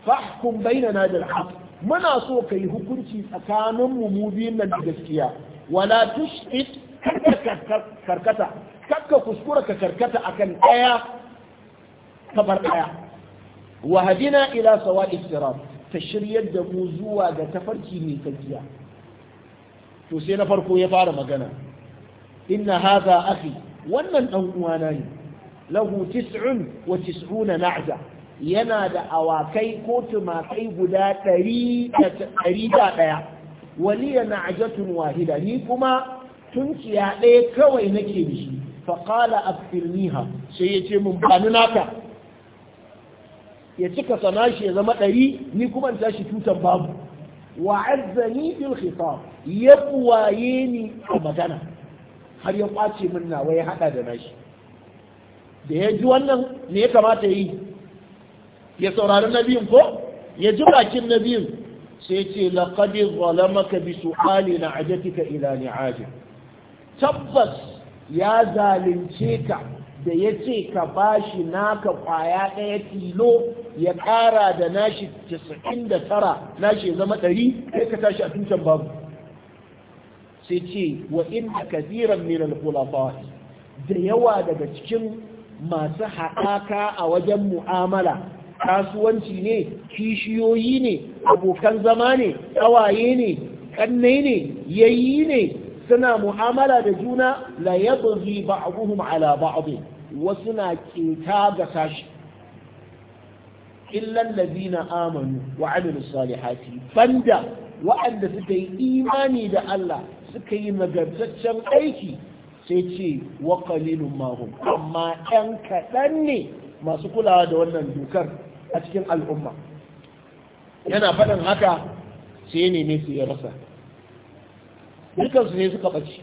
fahkum bainana bil haqq muna so kai hukunci tsakanin mu mu biyun nan da gaskiya wala tushit karkata kakka kuskura ka karkata akan ɗaya kamar ɗaya wa hadina ila sawa sirat ta shiryar da mu zuwa ga tafarki mai tsakiya to sai na farko ya fara magana inna hadha akhi wannan dan uwana ne lahu tis'un wa tis'una na'ja yana da awakai ko tumakai guda ɗari da ɗaya waliya na'jatun wahida ni kuma tunciya ɗaya kawai nake da shi faƙala a sai ya ce mun bani naka ya cika sanashi shi ya zama ɗari ni kuma in tashi tutan babu wa azzani bil khitab ya kuwaye ni a magana har ya kwace min nawa ya hada da nashi da ya ji wannan ne ya kamata yi ya saurari nabiyin ko ya ji bakin nabiyin sai ya ce laqad zalamaka bi su'ali na'ajatika ila ni'ajin tabbas ya zalunce ka da ya ce ka ba shi naka kwaya ɗaya tilo ya ƙara da nashi da tara nashi ya zama ɗari ya ka tashi a tutan babu sai ce wa inda kaziran min al kulafawai da yawa daga cikin masu haɗaka a wajen mu'amala kasuwanci ne kishiyoyi ne abokan zama ne ƙawaye ne ƙannai ne yayi ne suna mu'amala da juna la yabghi ba'dhum ala ba'd wasu na kinta ga sashi illan ladina amanu wa amilu salihati banda wa'anda suka yi imani da Allah suka yi nagartaccen aiki sai ce wa qalilun mahum amma ɗan kaɗan ne masu kulawa da wannan dokar a cikin al'umma yana faɗin haka sai ne ne su ya rasa dukansu ne suka ɓace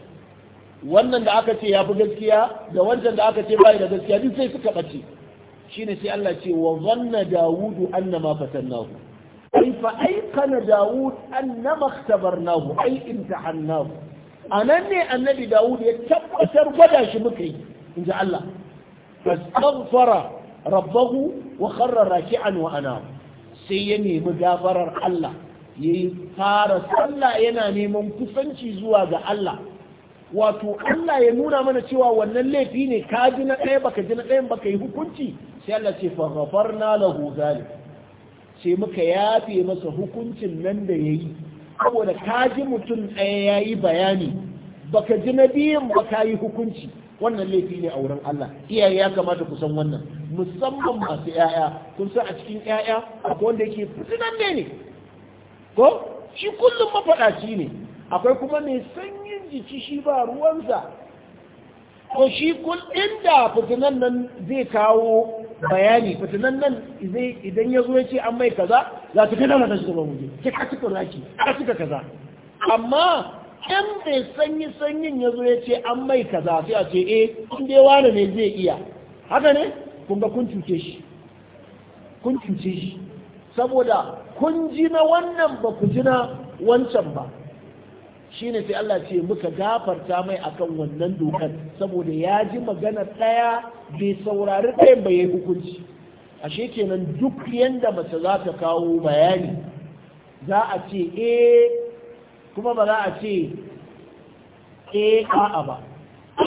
wannan da aka ce ya fi gaskiya da wancan da aka ce bai da gaskiya duk sai suka ɓace shine sai Allah ce wa zanna dawudu annama fatannahu ai fa aikana dawud annama ikhtabarnahu ai imtahannahu anan ne annabi dawud ya tabbatar gwada shi muka yi Allah fastaghfara rabbahu wa kharra raki'an wa ana sai ya nemi gafarar Allah yayi fara sallah yana neman kusanci zuwa ga Allah wato Allah ya nuna mana cewa wannan laifi ne ka ji na ɗaya baka ji na ɗayan baka yi hukunci sai Allah ce fa ghafarna lahu zalik sai muka yafe masa hukuncin nan da yayi saboda ka ji mutum ɗaya yayi bayani baka ji na biyan baka yi hukunci wannan laifi ne a wurin Allah iyaye ya kamata ku san wannan musamman masu yaya kun san a cikin yaya akwai wanda yake fitinan ne ko shi kullum mafaɗaci ne akwai kuma mai san ci shi ba ruwansa ko shi kun inda fitinan nan zai kawo bayani fitinan nan idan ya zo ya ce an mai kaza za ta kada ta shiga mamuje ki ka cika raki ka cika kaza amma in bai sanyi sanyin ya zo ya ce an mai kaza sai a ce eh inda ya wani ne zai iya haka ne kun ga kun cuce shi kun cuce shi saboda kun ji na wannan ba ku ji na wancan ba ne sai Allah ce muka gafarta mai akan wannan dokar saboda ya ji magana ɗaya bai saurari ɗayan bai yi hukunci ashe kenan duk yanda mace za ta kawo bayani za a ce eh kuma ba za a ce eh a'a ba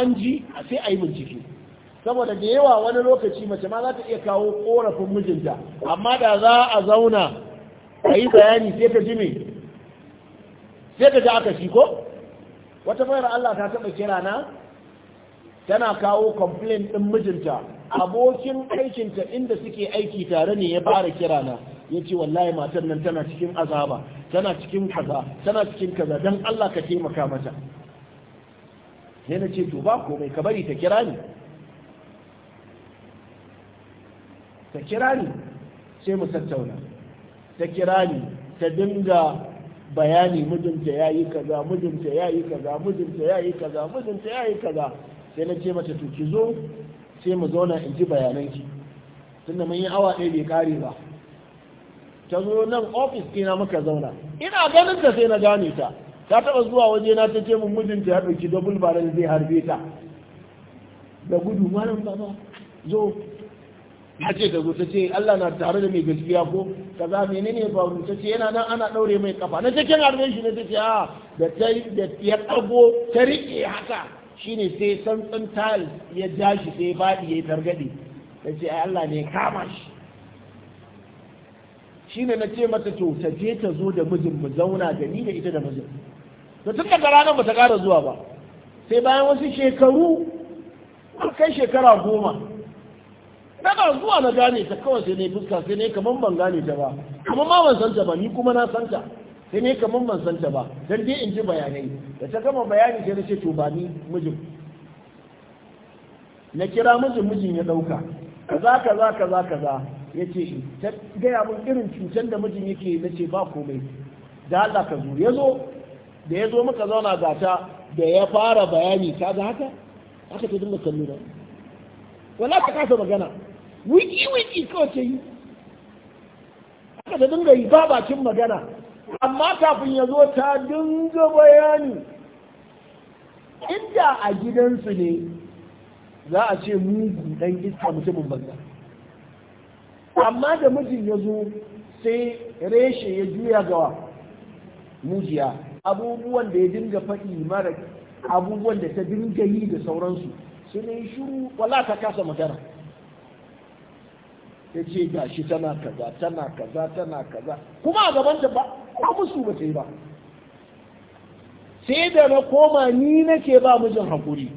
an ji sai a yi bincike saboda da yawa wani lokaci mace ma za ta iya kawo korafin mijinta amma da za a zauna a yi bayani sai ta ji me sai ka ji aka shi ko wata bayar Allah ta taɓa kira na tana kawo complain ɗin mijinta abokin aikinta inda suke aiki tare ne ya fara kira na ya ce wallahi matan nan tana cikin azaba tana cikin kaza tana cikin kaza don Allah ka taimaka mata sai na ce to ba komai ka bari ta kira ni ta kira ni sai mu tattauna ta kira ni ta dinga bayani mijinta ya yi kaza mijinta ya yi kaza mijinta ya yi kaza mijinta ya yi kaza sai na ce mata to ki zo sai mu zauna in ji ki, tunda mun yi awa ɗaya bai kare ba ta zo nan ofis ɗina muka zauna ina ganin ta sai na gane ta ta taɓa zuwa waje na ta ce mun mijinta ya ɗauki double barrel zai harbe ta da gudu malam baba zo haje da gusa ce Allah na tare da mai gaskiya ko kaza ne ba wani, ta ce yana nan ana ɗaure mai kafa na cikin harbe shi ne ta ce a da ta da ya ɗago ta riƙe haka shine sai tsantsan tal ya ja shi sai ya fadi ya targade ta ce ai Allah ne kama shi shine na ce mata to ta je ta zo da mijin mu zauna da ni da ita da mijin da tun daga ranar ba ta kara zuwa ba sai bayan wasu shekaru kai shekara goma daga zuwa na gane ta kawai sai ne fuska sai ne kamar ban gane ta ba kuma ma ban san ta ba ni kuma na san ta sai ne kamar ban san ta ba dan dai in ji bayanai da ta gama bayani sai na ce to ba ni mijin na kira mijin mijin ya dauka kaza kaza kaza kaza ya ce ta gaya mun irin cutar da mijin yake na ce ba komai da Allah ka zo ya zo da ya zo muka zauna gata da ya fara bayani ka haka haka ta dinga kallo da wala ta kasa magana wiki wiki kawai ce yi haka ta dinga yi ba bakin magana amma kafin ya zo ta dinga bayani inda a gidansu ne za a ce mugu dan iska mutumin banza amma da mijin ya zo sai reshe ya juya gawa mujiya abubuwan da ya dinga faɗi mara abubuwan da ta dinga yi da sauransu su ne shiru wala ta kasa magana ya ce ga shi tana kaza tana kaza tana kaza kuma a gaban da ba ko musu ba sai ba sai da na koma ni nake ba mijin hakuri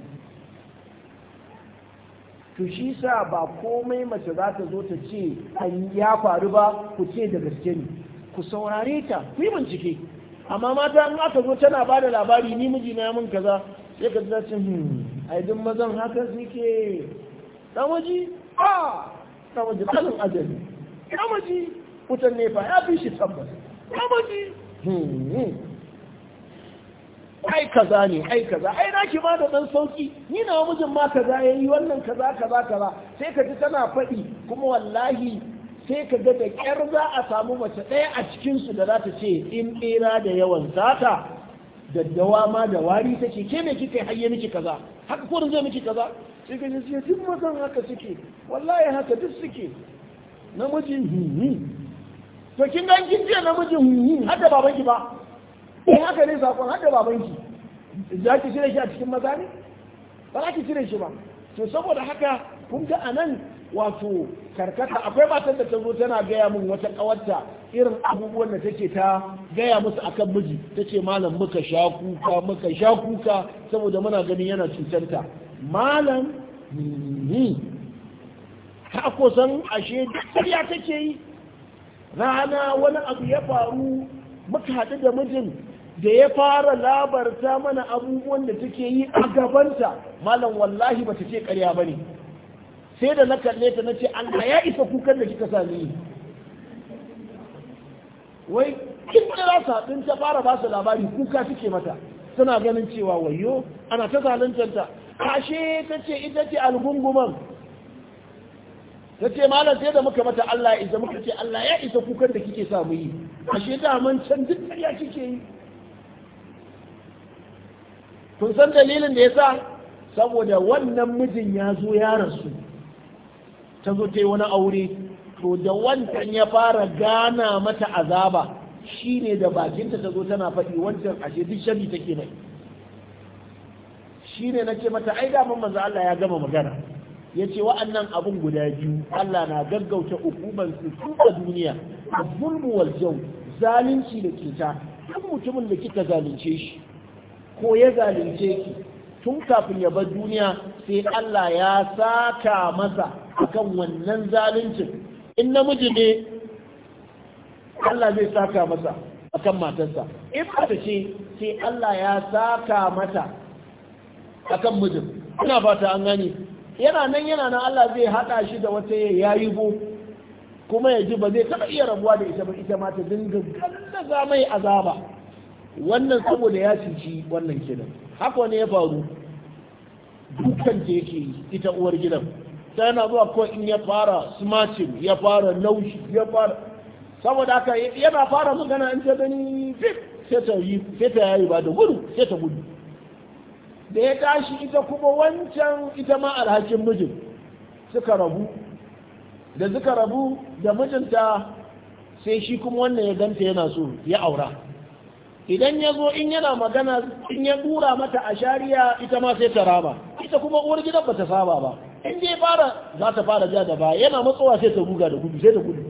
to shi sa ba komai mace za ta zo ta ce an ya faru ba ku ce da gaske ne ku saurare ta ku yi bincike amma mata in aka zo tana ba da labari ni mijina ya min kaza sai ka ji ta hmm ai mazan haka suke dan ah na kalin tsanin ajali ya maji wutan nefa ya fi shi tabbas ya maji hmm, hmm. ai kaza ne ai kaza ai naki ma da ɗan sauki ni na mijin ma kaza yayi wannan kaza kaza kaza sai ka ji tana faɗi kuma wallahi sai ka ga da ƙyar za a samu mace ɗaya a cikin su da za ta ce in ɓera da yawan zata daddawa ma da wari ta ce ke me kika hayye miki kaza haka ko zai miki kaza sai shi ce duk mazan haka suke wallahi haka duk suke namijin hunhun to kin ga kin ce namijin hunhun hada babanki ba eh haka ne sakon hada babanki za ki cire shi a cikin maza ne ba za ki cire shi ba to saboda haka kun ga anan wato karkata akwai matan da ta zo tana gaya min wata kawarta irin abubuwan da take ta gaya musu akan miji tace malam muka sha kuka muka sha kuka saboda muna ganin yana cutanta malam ni ta san ashe ƙarya take yi rana wani abu ya faru muka haɗu da mijin da ya fara labarta mana abubuwan da take yi a gabanta malam wallahi ba ta ce ƙarya ba ne sai da na kalle ta na ce Allah ya isa kukan da kika sami wai kin da za su haɗin ta fara ba su labari kuka suke mata suna ganin cewa wayo ana ta zaluntanta kashe ta ce ita ce algunguman ta ce malam sai da muka mata Allah ya isa muka ce Allah ya isa kukan da kike samu yi ashe ta man can duk ya kike yi kun san dalilin da ya sa saboda wannan mijin ya zo ya rasu ta zo ta yi wani aure to da wancan ya fara gana mata azaba shine da bakinta ta zo tana faɗi wancan ashe duk shari take mai na ce mata ai damar maza manzo Allah ya gama magana Ya ce wa'annan abun guda biyu Allah na gaggauta hukumar su a duniya zulmu wal jau zalunci da kita duk mutumin da kika zalunce shi ko ya zalunce ki tun kafin ya bar duniya sai Allah ya saka masa akan wannan zaluncin in namiji ne Allah zai saka masa akan matarsa in mata ce sai Allah ya saka mata akan mijin ina fata an gani yana nan yana nan Allah zai hada shi da wata yayi go kuma ya ji ba zai taba iya rabuwa da ita ba ita ma ta dinga gallaza mai azaba wannan saboda ya cuci wannan kidan haka ne ya faru dukkan da yake ita uwar gidan ta zuwa ko in ya fara smashing ya fara naushi ya fara saboda haka yana fara magana in ta gani fit sai ta yi sai ta yayi ba da gudu sai ta gudu da ya tashi ita kuma wancan ita ma alhakin mijin suka rabu da suka rabu da mijinta sai shi kuma wannan ya ganta yana so ya aura idan ya zo in yana magana in ya dura mata a shari'a ita ma sai ta ita kuma uwar gidan ba ta saba ba in dai fara za ta fara ja da ba yana matsowa sai ta ruga da gudu sai ta gudu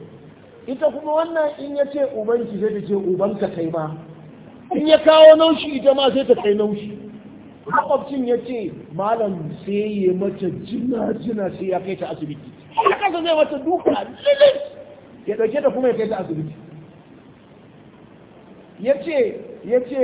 ita kuma wannan in ya ce ubanki sai ta ce ubanka kai ma in ya kawo naushi ita ma sai ta kai naushi makwabcin ya ce malam sai ya mata jina jina sai ya kai ta asibiti ya kasa zai mata duka lilis ya ɗauke ta kuma ya kai ta asibiti ya ce ya ce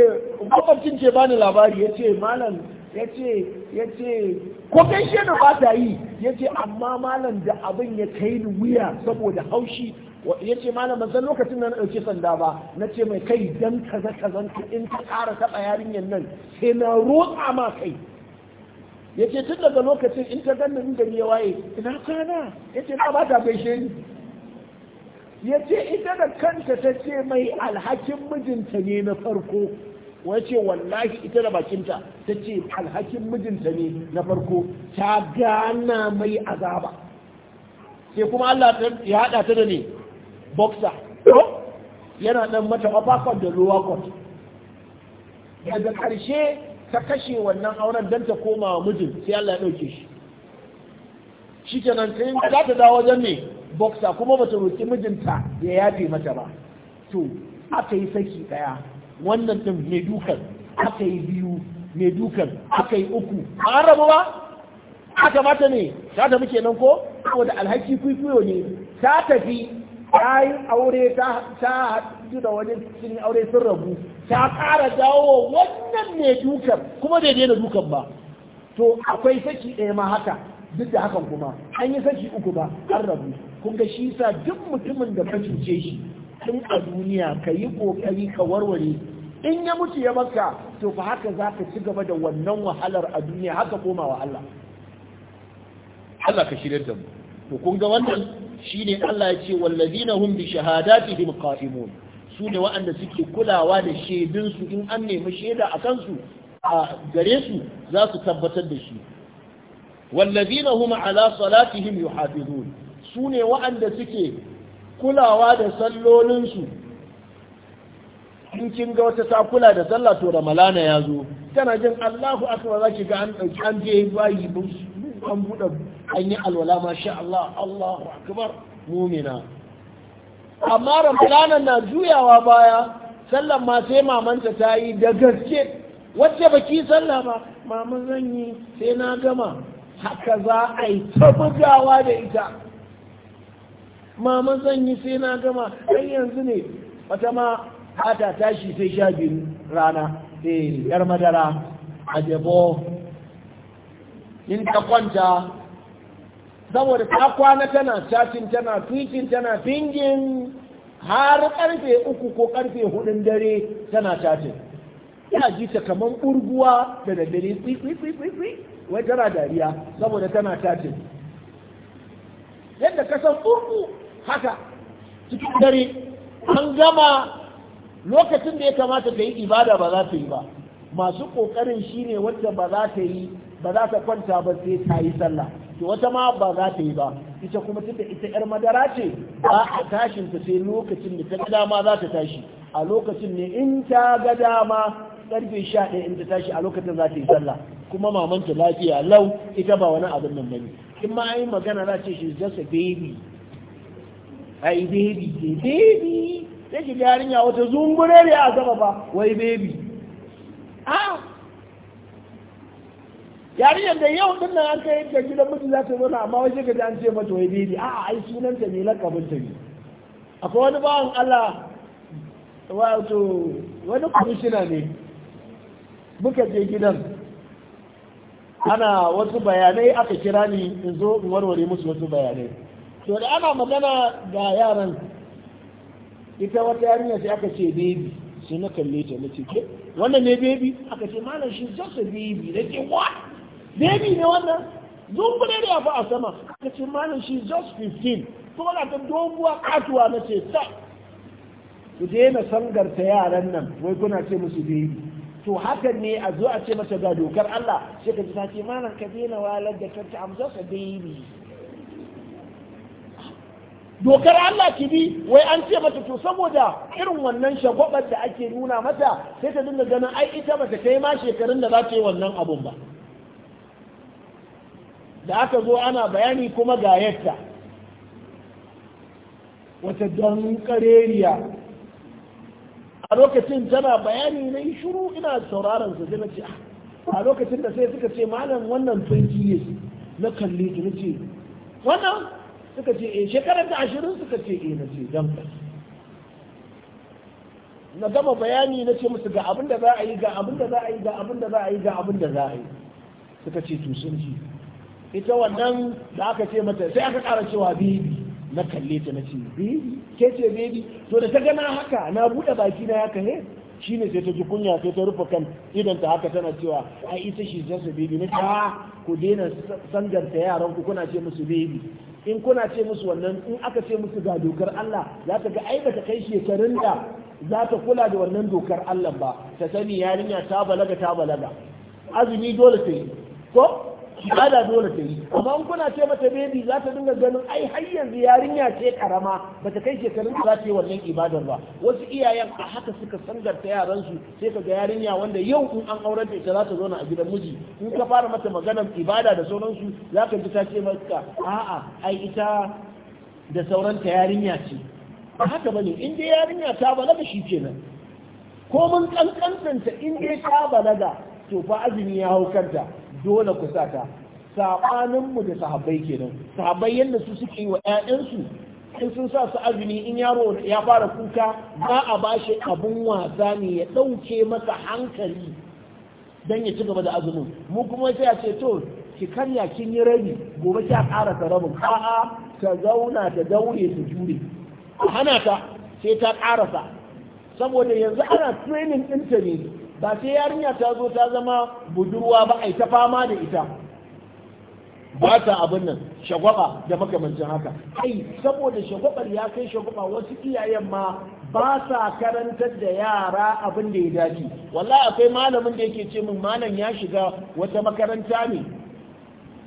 makwabcin ce bani labari ya ce malam ya ce ya ce ko kai shi da ba ta yi ya ce amma malam da abin ya kai ni wuya saboda haushi ya ce malam ban san lokacin na ɗauke sanda ba na ce mai kai dan kaza kaza in ta ƙara taɓa yarinyar nan sai na rotsa ma kai ya ce tun daga lokacin in ta ganna inda ni ya waye ina kana ya ce na ba ta gaishe ni ya ce ita da kanta ta ce mai alhakin mijinta ne na farko wace wallahi ita da bakinta ta ce alhakin mijinta ne na farko ta gana mai azaba sai kuma Allah ya hada ta da ne boxer yana ɗan mata uppercut da ruwa ya daga karshe ta kashe wannan auren don ta koma wa mijin sai Allah ya ɗauke shi shi kenan sai za ta dawo wajen ne boxer kuma ba ta roƙi mijinta ya yafe mata ba to aka yi saki daya wannan din mai dukan aka yi biyu mai dukan aka yi uku an rabu ba aka mata ne ta tafi kenan ko saboda alhaki kwikwiyo ne ta tafi ta yi aure ta haɗu da wani cikin aure sun rabu ta ƙara dawo wannan mai dukan kuma bai daina dukan ba to akwai saki ɗaya ma haka duk da hakan kuma an yi saki uku ba an rabu kun ga shi sa duk mutumin da ka cuce shi tun a duniya ka yi kokari ka warware in ya mutu ya maka to fa haka za ka ci gaba da wannan wahalar a duniya haka koma wa Allah Allah ka shirya da mu to kun ga wannan shine Allah ya ce wallazina hum bi shahadatihim qa'imun su ne waɗanda suke kulawa da shaidunsu in an nemi shaida a kansu a gare su za su tabbatar da shi wallazina hum ala salatihim su ne waɗanda suke kulawa da sallolinsu in kin ga wata ta kula da sallah to ramalana ya zo tana jin Allahu za ki ga an ɗauki an je bayi an buɗe an yi alwala masha Allah Allahu akbar mumina amma ramalana na juyawa baya sallan ma sai mamanta ta yi da gaske wacce baki sallah ba mama zan yi sai na gama haka za a yi ta bugawa da ita mama zan yi sai na gama ɗan yanzu ne wata ma hata tashi sai sha biyu rana da eh, yar madara a jebo in ta kwanta saboda ta kwana tana cacin, tana fitin, tana fingin, har karfe uku ko karfe hudun dare tana cacin. ina ji ta kamar urguwa da daddare tsitsi wai tana dariya saboda tana tace yadda ka san urku haka cikin dare an gama lokacin da ya kamata ka yi ibada ba za ta yi ba masu kokarin shine wacce ba za ta yi ba za ta kwanta ba sai ta yi sallah to wata ma ba za ta yi ba ita kuma tunda ita yar madara ce ba a tashin ta sai lokacin da ta ga dama za ta tashi a lokacin ne in ta ga dama karfe 11 in ta tashi a lokacin za ta yi sallah kuma mamanta lafiya lau ita ba wani abin nan bane in ma yi magana za ce shi just a baby ai baby ke baby sai ki yarinya wata zungure ne a gaba ba wai baby a yarinyar da yau din nan an kai da gidan mutu za ta zauna amma wai ka an ce mata wai baby a ai sunanta ne lakabin ta ne akwai wani bawan Allah wato wani kwamishina ne muka je gidan ana wasu bayanai aka kira ni in zo in warware musu wasu bayanai to da ana magana ga yaran ita wata yarinya sai aka ce baby sai na kalle ta na ce wannan ne baby aka ce malam shi just a baby na ce what baby ne wannan zumbure da yafi a sama aka ce malam shi just 15 kuma na ta doguwa katuwa na ce ta ku daina sangarta yaran nan wai kuna ce musu baby to haka ne a zo a ce mata ga dokar Allah sai ka ji ta ce malam ka daina walar da kanta amsa ka daini dokar Allah ki bi wai an ce mata to saboda irin wannan shagwabar da ake nuna mata sai ta dinga ganin ai ita bata kai ma shekarun da za ta yi wannan abun ba da aka zo ana bayani kuma ga yadda wata dankareriya a lokacin tana bayani na yi shuru ina sauraron su na ce ah. a lokacin da sai suka ce malam wannan 20 years na kalli ta ce wannan suka ce eh shekarar da ashirin suka ce eh na ce zan na gama bayani na ce musu ga abin da za a yi ga abin da za a yi ga abin da za a yi ga abin da za a yi suka ce to sun ji ita wannan da aka ce mata sai aka ƙara cewa bibi na kalle ta nace baby ke ce baby to da ta gana haka na bude baki na haka ne shine sai ta ji kunya sai ta rufe kan idan ta haka tana cewa ai ita shi zan baby ne ta ah, ku daina ta yaran ku kuna ce musu baby in kuna ce musu wannan in aka ce musu ga dokar Allah za ta ga ai ba ta kai shekarun da za ta kula da wannan dokar Allah ba ta sani yarinya ta balaga ta balaga azumi dole ta yi ko ibada dole ta yi amma in kuna ce mata bebi za ta dinga ganin ai har yanzu yarinya ce karama ba ta kai shekarun da za ta yi wannan ibadar ba wasu iyayen a haka suka sangarta yaransu sai ka ga yarinya wanda yau in an aure ta ita za ta zauna a gidan miji in ka fara mata maganar ibada da sauransu za ka ji ta ce maka a'a ai ita da sauranta yarinya ce ba haka bane in dai yarinya ta balaga shi kenan ko mun kankantanta in dai ta balaga to fa azumi ya hau kanta dole ku sa ta sabanin mu da sahabbai kenan sahabbai yanda su suke yi wa ƴaƴansu in sun sa su azumi in yaro ya fara kuka za a bashi abun wasa ne ya ɗauke masa hankali dan ya ci gaba da azumin mu kuma sai a ce to ki karya kin yi rabi gobe ki ƙara ta rabin a'a ta zauna ta daure ta jure hana ta sai ta ƙarasa saboda yanzu ana training ta ne ba sai yarinya ta zo ta zama budurwa ba a ta fama da ita ba ta abin nan shagwaba da makamancin haka ai saboda shagwabar ya kai shagwaba wasu iyayen ma ba sa karantar da yara abin da ya dace wallahi akwai malamin da yake ce min malam ya shiga wata makaranta ne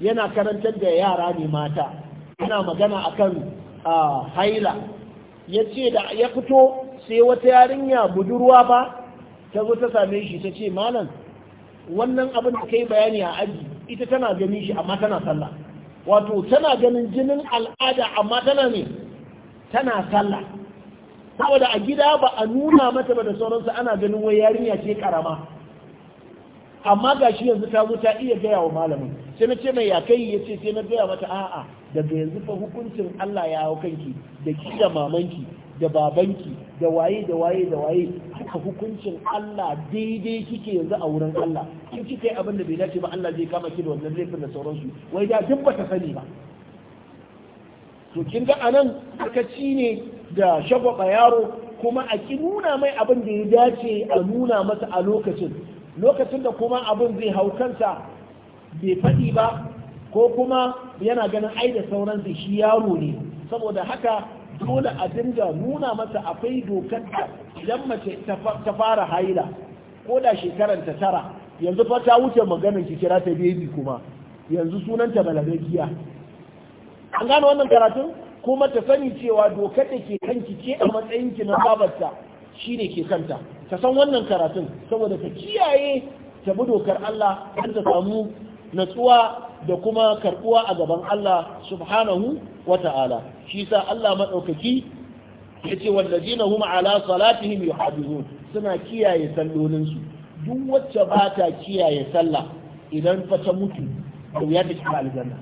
yana karantar da yara ne mata yana magana akan haila ya ce da ya fito sai wata yarinya budurwa ba ta zo ta same shi ta ce malam wannan abin da kai bayani a aji ita tana ganin shi amma tana sallah wato tana ganin jinin al'ada amma tana ne tana sallah saboda a gida ba a nuna mata ba da sauransu ana ganin wai yarinya ce karama amma ga shi yanzu ta zo ta iya gaya wa malamin sai na ce mai ya kai ya ce sai na gaya mata a'a daga yanzu fa hukuncin Allah ya hau kanki da ki da mamanki da babanki da waye da waye da waye haka hukuncin Allah daidai kike yanzu a wurin Allah kin kika abin da bai dace ba Allah zai kama ki da wannan laifin da sauransu wai da duk bata sani ba to kin ga anan aka cine ne da shagwaba yaro kuma a ki nuna mai abin da ya dace a nuna masa a lokacin lokacin da kuma abin zai hau kansa bai faɗi ba ko kuma yana ganin ai da sauransu shi yaro ne saboda haka dole a dinga nuna mata akwai dokar da idan mace ta fara haila ko da shekaran ta tara yanzu fa ta wuce maganin ki kira ta bebi kuma yanzu sunanta balagagiya an gane wannan karatun kuma ta sani cewa dokar da ke kanki ce a matsayin ki na babarta shine ke kanta ta san wannan karatun saboda ta kiyaye ta bi dokar Allah har ta samu natsuwa da kuma karbuwa a gaban Allah subhanahu wa ta'ala shi sa Allah maɗaukaki ya ce wallazina hum ala salatihim yuhafizun suna kiyaye sallolinsu duk wacce ba ta kiyaye sallah idan fa mutu ya tafi aljanna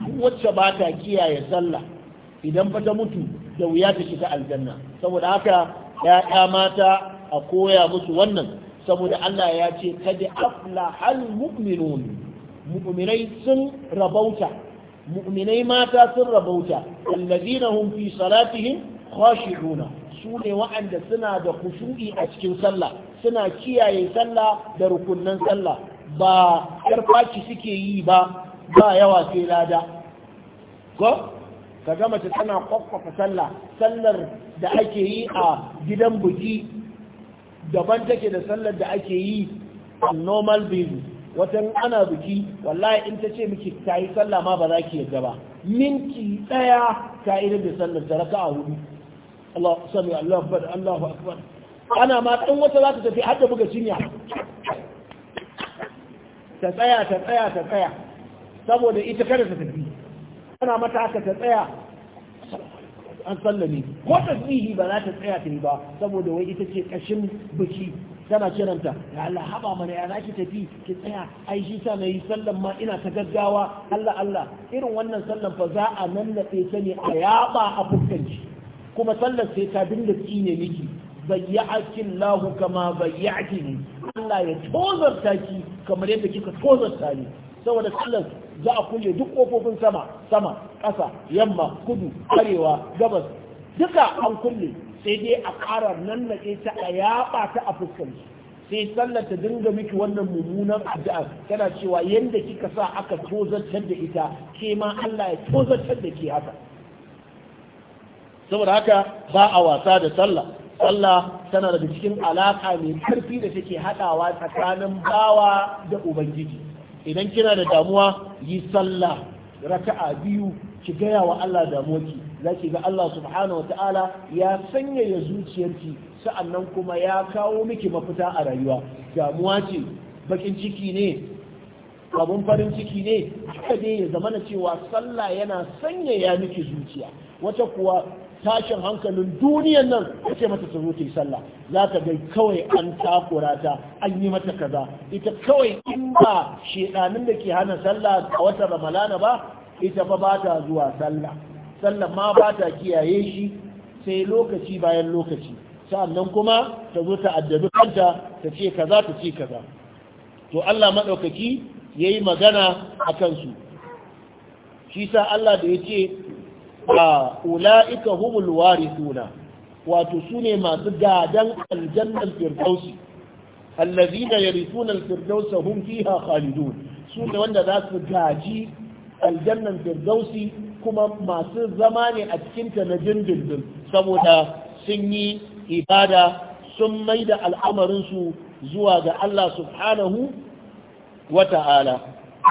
duk wacce ba ta kiyaye sallah idan mutu da wuya ta shiga aljanna saboda haka ya'ya mata a koya musu wannan saboda Allah ya ce kada aflahal mu'minun mu'minai sun rabauta mu'minai mata sun rabauta allazina hum fi salatihim khashi'una su ne wa'anda suna da khushu'i a cikin sallah suna kiyaye sallah da rukunnan sallah ba karfaci suke yi ba ba yawa sai lada ko kaga mace tana kwakwafa sallah sallar da ake yi a gidan buki daban take da sallar da ake yi a normal basis watan ana biki wallahi in ta ce miki ta yi sallah ma ba za ki yadda ba Minki daya ta irin da sallar ta raka a hudu Allah sami Allah akbar Allahu akbar ana ma dan wata za ta tafi har da buga cinya ta tsaya ta tsaya ta tsaya saboda ita kada ta tafi ana mata haka ta tsaya an sallame ko tasbihi ba za ta tsaya ta yi ba saboda wai ita ce kashin biki tana kiranta ya Allah haba mana ya zaki tafi ki tsaya ai shi sa nayi sallan ma ina ta gaggawa Allah Allah irin wannan sallan fa za a nallaɗe ta ne a yaba a fuskanci kuma sallar sai ta dinga tsine miki bayyaki Allah kama bayyaki Allah ya tozarta ki kamar yadda kika tozarta ni saboda sallar za a kulle duk ƙofofin sama sama ƙasa yamma kudu arewa gabas duka an kulle sai dai a ƙara nan na ta a yaɓa ta a fuskanci sai sallar ta dinga miki wannan mummunan addu'a tana cewa yanda kika sa aka tozartar da ita ke ma Allah ya tozartar da ke haka saboda haka ba a wasa da sallah sallah tana daga cikin alaka mai karfi da take haɗawa tsakanin bawa da ubangiji idan kina da damuwa yi sallah raka'a biyu ki gaya wa Allah damuwarki za ki ga Allah subhanahu wata'ala ya sanyaya zuciyarki sa'annan kuma ya kawo miki mafita a rayuwa damuwa ce bakin ciki ne abun farin ciki ne haka dai ya zamana cewa sallah yana sanyaya miki zuciya wata kuwa tashin hankalin duniyan nan ce mata ta zo ta yi sallah za ka ga kawai an takura ta an yi mata kaza ita kawai in ba shedanin da ke hana sallah a watan ramalana ba ita fa ba ta zuwa sallah sallah ma ba ta kiyaye shi sai lokaci bayan lokaci sa'annan kuma ta zo ta addabi kanta ta ce kaza ta ce kaza to Allah madaukaki yayi magana akan su shi sa Allah da yace a ula'ika humul warithuna wato su ne masu gadan aljannar firdausi da yarithuna alfirdausa hum fiha khalidun su ne wanda za su gaji aljannan firdausi kuma masu zama ne a cikinta na dindindin saboda sun yi ibada sun mai da al'amarinsu zuwa ga Allah subhanahu wa ta'ala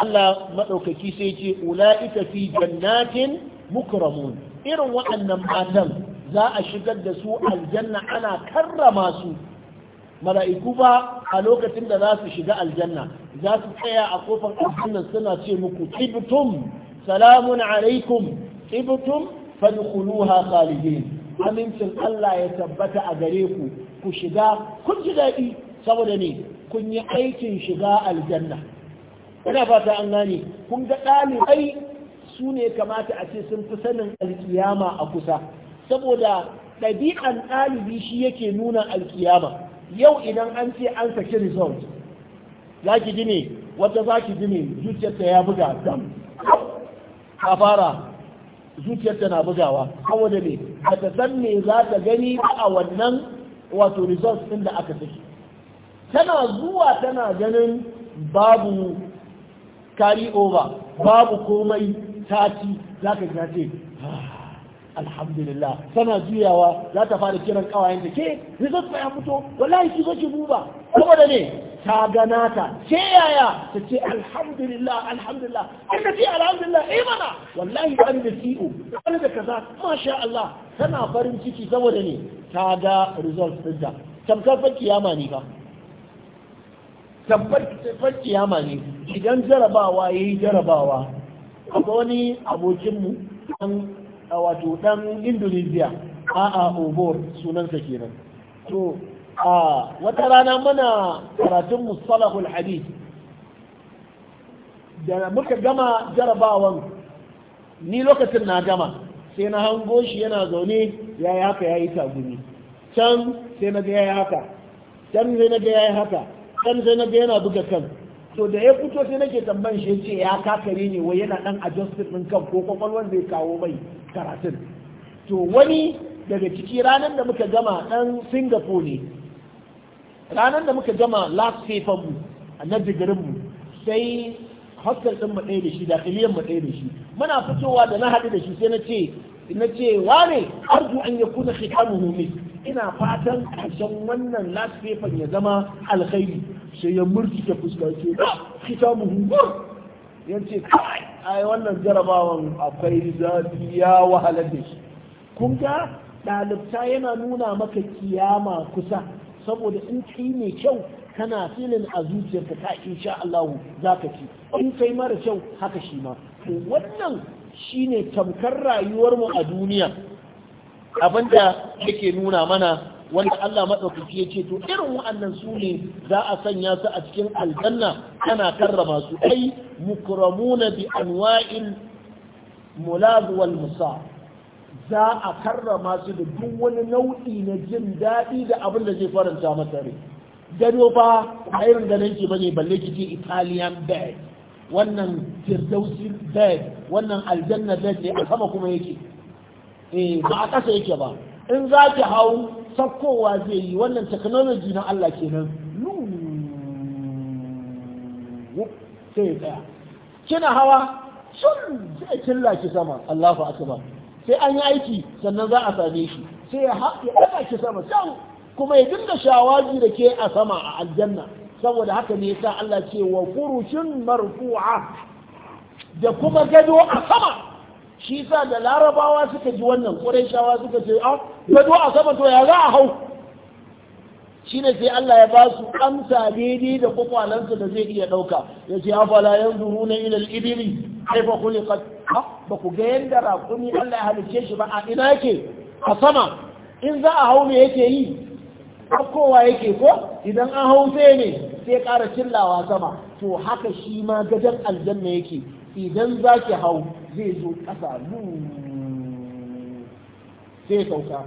Allah maɗaukaki sai ce ula'ika fi jannatin mukramun irin waɗannan matan za a shigar da su aljanna ana karrama su mala'iku ba a lokacin da za su shiga aljanna za su tsaya a kofar aljanna suna ce muku tibtum salamun alaikum tibtum fadkhuluha khalidin amincin Allah ya tabbata a gare ku ku shiga kun ji daɗi saboda ne kun yi aikin shiga aljanna ina fata an gane kun ga ɗalibai su ne kamata a ce sun fi sanin alkiyama a kusa saboda ɗabi'an ɗalibi shi yake nuna alkiyama yau idan an ce an saki result za ki ji wata za ki ji zuciyarta ya buga dam a fara zuciyarta na bugawa saboda ne ba ta san me za ta gani a wannan wato result ɗin da aka saki tana zuwa tana ganin babu carry over babu komai ta za ka ga ce ah, alhamdulillah tana juyawa za ta fara kiran kawayen da ke result ya fito wallahi ki zo ki duba saboda ne ta gana ta ce yaya ta ce alhamdulillah alhamdulillah an ka ce alhamdulillah eh mana wallahi an da CEO an da kaza masha Allah tana farin ciki saboda ne ta ga result din ta tamkar fa kiyama ne ba tamkar fa kiyama ne idan jarabawa yayi jarabawa akwai wani abokinmu dan wato dan Indonesia a'a obor sunansa kenan to a wata rana muna karatun musalahul hadith da muka gama jarabawan ni lokacin na gama sai na hango shi yana zaune ya yi haka ya yi tagumi can sai na ga ya yi haka can sai na ga ya yi haka can sai na ga yana buga kan to da ya fito sai nake tambayan shi ce ya kakare ne wai yana dan adjusted din kan ko kwakwalwar zai kawo mai karatun to wani daga ciki ranar da muka gama dan singapore ne ranar da muka gama last paper mu na digirin mu sai hostel din mu ɗaya da shi da mu ɗaya da shi muna fitowa da na haɗu da shi sai na ce na ce ne arzu an ya kuna khitamuhu min ina fatan karshen wannan last paper ya zama alkhairi sai ya murtike fuska ce ba ah, khitamuhu gur ya ce kai wannan jarabawan akwai zafi ya wahalar da shi kun ga ɗalibta yana nuna maka kiyama kusa saboda in kai mai kyau kana filin a zuciyarka ta insha Allah za ka ci in kai mara kyau haka shi ma wannan shine tamkar rayuwarmu a duniya abinda yake nuna mana wanda Allah maɗaukaki ya ce to irin wa'annan su ne za a sanya su a cikin aljanna ana karrama su ai mukramuna bi anwa'il mulaz wal musa za a karrama su da duk wani nau'i na jin daɗi da abin da zai faranta masa rai gado fa a irin ganin ki bane balle ki je Italian bag wannan firdausi bed wannan aljanna bed ne a sama kuma yake eh ba a ƙasa yake ba in za ki hau sakkowa zai yi wannan technology na Allah kenan sai ya tsaya kina hawa sun sai killa ki sama Allahu akbar sai an yi aiki sannan za a same shi sai ya haɗa ki sama can kuma ya dinga shawagi da ke a sama a aljanna saboda haka ne yasa Allah ce wa furushin marfu'a da kuma gado a sama shi yasa da larabawa suka ji wannan ƙurayshawa suka ce a ah, gado a sama to ya za a hau shine sai Allah ya ba su amsa daidai da kwakwalansa da zai iya ɗauka ya ce afala yanzuru na ila al-ibili kaifa khuliqat ba ku ga yanda raƙumi Allah ya halicce shi ba a ina yake a sama in za a hau me yake yi kowa yake ko idan an hau sai ne sai ƙara cillawa sama to haka shi ma gadon aljanna yake idan za ki hau zai zo ƙasa sai sauka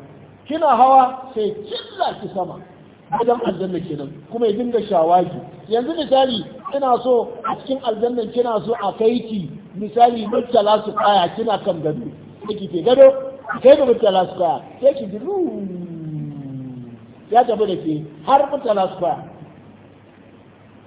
kina hawa sai cilla ki sama gadon aljanna kenan kuma ya dinga shawagi yanzu misali ina so a cikin aljanna kina so a kai ki misali mutala su kaya kina kan gado kike ke gado kai da mutala su kaya sai ki ji ya tafi da ke har mutala su kaya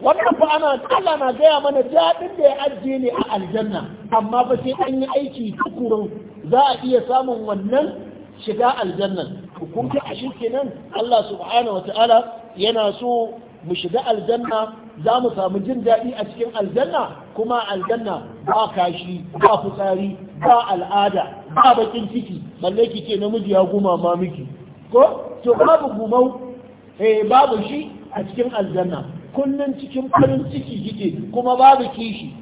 wannan fa ana Allah na gaya mana daɗin da ya ajiye ne a aljanna amma ba sai an yi aiki tukurun za a iya samun wannan shiga aljannan kun a shirke kenan Allah subhanahu ta'ala yana so mu shiga aljanna za mu samu jin daɗi a cikin aljanna kuma aljanna ba kashi ba fitsari ba al'ada ba bakin ciki balle kike namiji ya guma ma miki ko to babu gumau eh babu shi a cikin aljanna kullum cikin farin ciki kike kuma babu kishi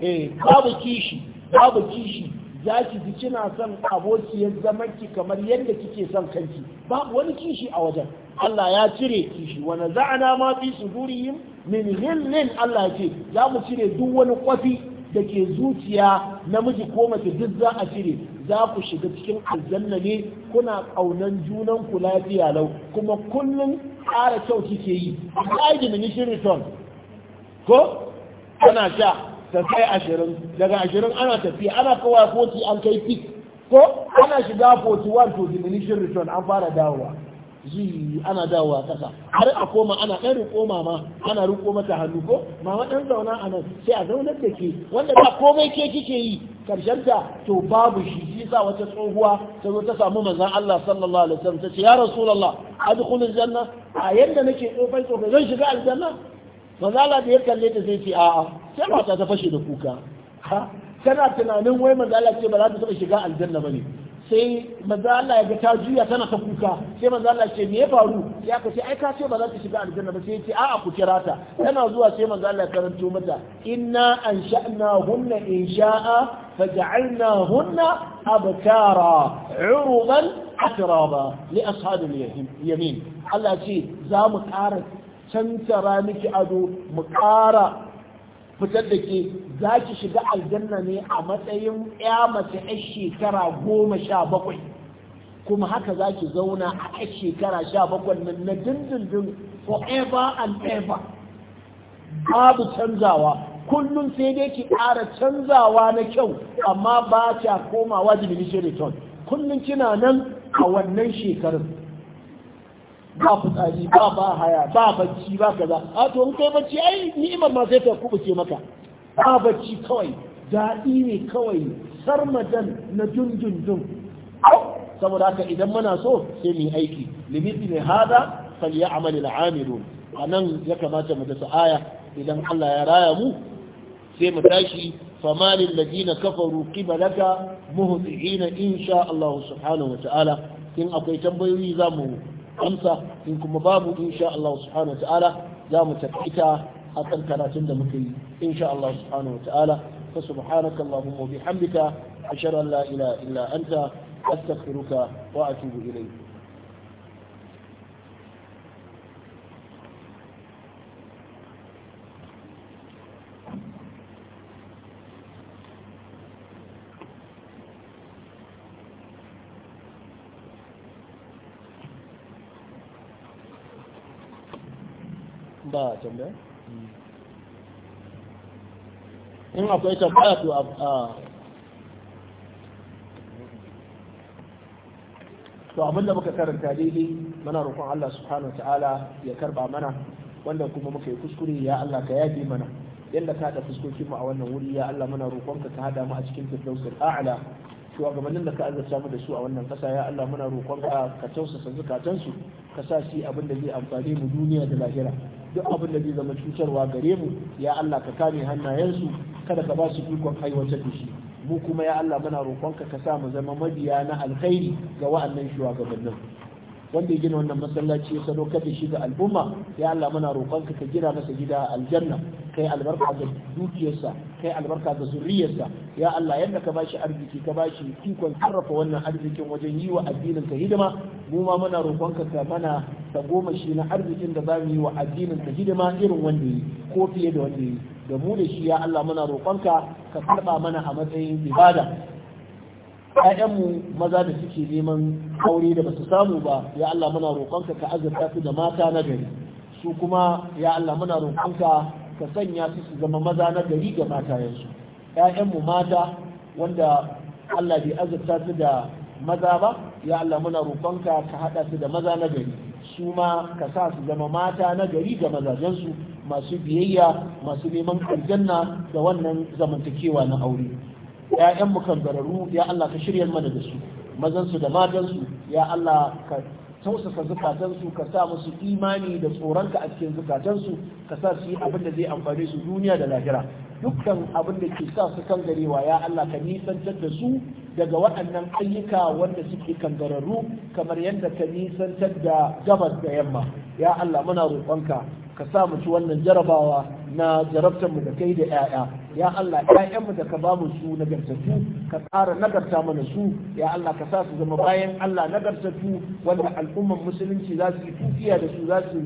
eh, babu kishi babu kishi za ki ji kina son abokiyar zaman ki kamar yadda kike son kanki babu wani kishi a wajen Allah ya cire kishi wa naza'ana ma fi sudurihim min ghillin Allah ya ce za mu cire duk wani kwafi da ke zuciya namiji ko mace duk za a cire za ku shiga cikin aljanna ne kuna ƙaunan junan ku lafiya lau kuma kullum ƙara kyau kike yi ba diminishin return ko ana sha ta kai ashirin daga ashirin ana tafiya ana kawai 40 an kai fit ko ana shiga 41 to diminishin return an fara dawowa yi ana dawowa kasa har a koma ana ɗan riko mama ana riko mata hannu ko mama ɗan zauna a nan sai a zaunar da ke wanda ba komai ke kike yi karshen ta to babu shi shi sa wata tsohuwa ta zo ta samu manzon Allah sallallahu alaihi wasallam ta ce ya rasulullah adkhulu aljanna a yanda nake tsofai tsofai zan shiga aljanna manzon Allah da ya kalle ta sai ce a'a sai mata ta fashe da kuka kana tunanin wai mazala Allah ce ba za ta taɓa shiga aljanna ba ne. sai maza Allah ya ga ta juya tana ta kuka sai maza Allah ce me ya faru sai aka ce ai ka ce ba za ta shiga aljanna ba sai ya ce a'a ku kira ta tana zuwa sai maza Allah ya karanto mata inna ansha'nahunna insha'a faj'alnahunna abkara 'uruban atraba li ashabil yamin Allah ce za mu ƙara cantara miki ado mu ƙara fitar da ke za ki shiga aljanna ne a matsayin ya mace 'yan shekara goma sha bakwai kuma haka za ki zauna a 'yan shekara sha bakwai nan na dindindin forever and ever babu canzawa kullum sai dai ki ƙara canzawa na kyau amma ba kya komawa diminishin return kullum kina nan a wannan shekarun ba fitsari ba ba haya ba bacci ba kaza a to in kai bacci ai ni'imar ma sai ta kubuce maka ba bacci kawai daɗi ne kawai sarmadan na dundundun saboda haka idan muna so sai mu aiki limiti ne hada amiru A anan ya kamata mu dasa aya idan Allah ya raya mu sai mu tashi famal alladhina kafaru qibalaka muhti'ina insha Allah subhanahu wa ta'ala in akwai tambayoyi zamu amsa in kuma babu insha Allah subhanahu wa ta'ala za mu tafita akan karatun da muka yi insha Allah subhanahu wa ta'ala fa subhanaka allahumma bihamdika ashhadu an la ilaha illa anta astaghfiruka wa atubu ilayk ka tambaya in akwai tambaya to a ah, to abinda muka karanta daidai mana roƙon Allah subhanahu ta'ala ya karba mana wanda kuma muka yi kuskure ya Allah ka yafe mana yadda ka haɗa fuskokinmu a wannan wuri ya Allah muna roƙonka ka haɗa mu a cikin firdausul a'la shugabannin da ka azzata mu da su a wannan kasa ya Allah muna roƙonka ka tausasa zukatansu ka sa shi abin da zai amfane mu duniya da lahira duk abin da zai zama cutarwa gare mu ya Allah ka kame hannayensu kada ka ba su ikon aiwatar da shi mu kuma ya Allah muna roƙonka ka sa mu zama mabiya na alkhairi ga wa'annan shugabannin wanda ya gina wannan masallaci ya sadaukar da shi ga al'umma ya Allah muna roƙonka ka gina masa gida aljanna kai albarka ga dukiyarsa kai albarka ga zuriyarsa ya Allah yadda ka bashi arziki ka bashi ikon sarrafa wannan arzikin wajen yi wa addinin ka hidima mu ma muna roƙonka ka mana ta goma shi na arzikin da zamu yi wa addinin ka hidima irin wanda yi ko fiye da wanda yi da mu da shi ya Allah muna roƙonka ka karɓa mana a matsayin ibada ƴaƴanmu maza da suke neman aure da basu samu ba ya Allah muna roƙonka ka azurta su da mata na gari su kuma ya Allah muna roƙonka ka sanya su su zama maza na gari ga matayensu ƴaƴanmu mata wanda Allah bai azurta su da maza ba ya Allah muna roƙonka ka haɗa su da maza na gari su ma ka sa su zama mata na gari ga mazajensu masu biyayya masu neman aljanna da wannan zamantakewa na aure ya'yan mu ya Allah ka shirya mana da su mazan su da matan su ya Allah ka tausasa zukatansu, ka sa musu imani da tsoronka a cikin zukatansu, ka sa su yi abin da zai amfani su duniya da lahira dukkan abin da ke sa su garewa, ya Allah ka nisantar da su daga waɗannan ayyuka wanda suke kangararru kamar yadda ka nisantar da gabas da yamma ya Allah muna roƙonka ka sa mutu wannan jarabawa na jarabtar mu da kai da yaya ya Allah 'ya'yanmu da ka ba mu su nagartattu ka ƙara nagarta mana su ya Allah ka sa su zama bayan Allah nagartattu wanda al'umman musulunci za su yi tufiya da su za su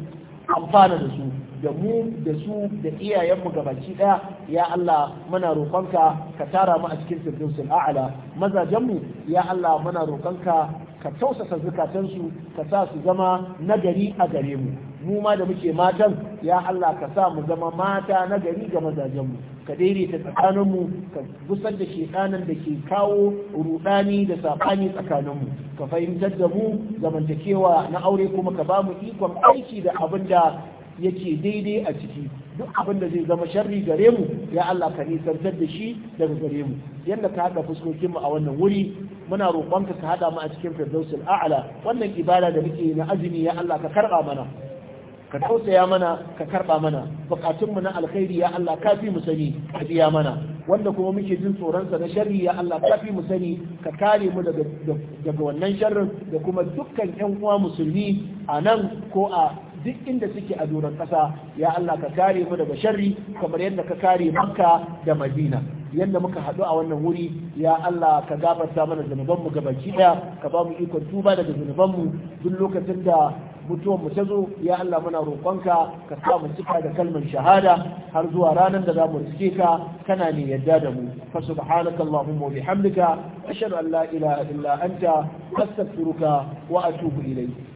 amfana da su da mu da su da iyayenmu gabaki ɗaya ya Allah muna roƙonka ka tara mu a cikin firdausul a'la mazajenmu ya Allah muna roƙonka ka tausasa zukatansu ka sa su zama nagari a gare mu mu ma da muke matan ya Allah ka sa mu zama mata nagari ga mazajenmu ka daidaita tsakaninmu ka gusar da shekanan da ke kawo rudani da saɓani tsakaninmu ka fahimtar da mu zamantakewa na aure kuma ka ba mu ikon aiki da abin da yake daidai a ciki duk abin da zai zama sharri gare mu ya Allah ka nisantar da shi daga gare mu yadda ka haɗa fuskokinmu a wannan wuri muna roƙonka ka haɗa mu a cikin firdausul a'ala wannan ibada da muke na azumi ya Allah ka karɓa mana ka tausaya mana ka karɓa mana bukatunmu na alkhairi ya Allah ka fi mu sani ka biya mana wanda kuma muke jin tsoronsa na sharri ya Allah ka fi mu sani ka kare mu daga wannan sharrin da kuma dukkan ƴan uwa musulmi a nan ko a duk inda suke a doron ƙasa ya Allah ka kare mu daga sharri kamar yadda ka kare Makka da Madina yadda muka haɗu a wannan wuri ya Allah ka gafarta mana zunuban mu gabaki ɗaya ka ba mu ikon tuba daga zunuban mu duk lokacin da mutuwan mu ta zo ya Allah muna roƙonka ka sa mu cika da kalmar shahada har zuwa ranar da zamu riske ka kana ne yadda da mu fa subhanaka allahumma wa bihamdika ashhadu an la ilaha illa anta astaghfiruka wa atubu ilayk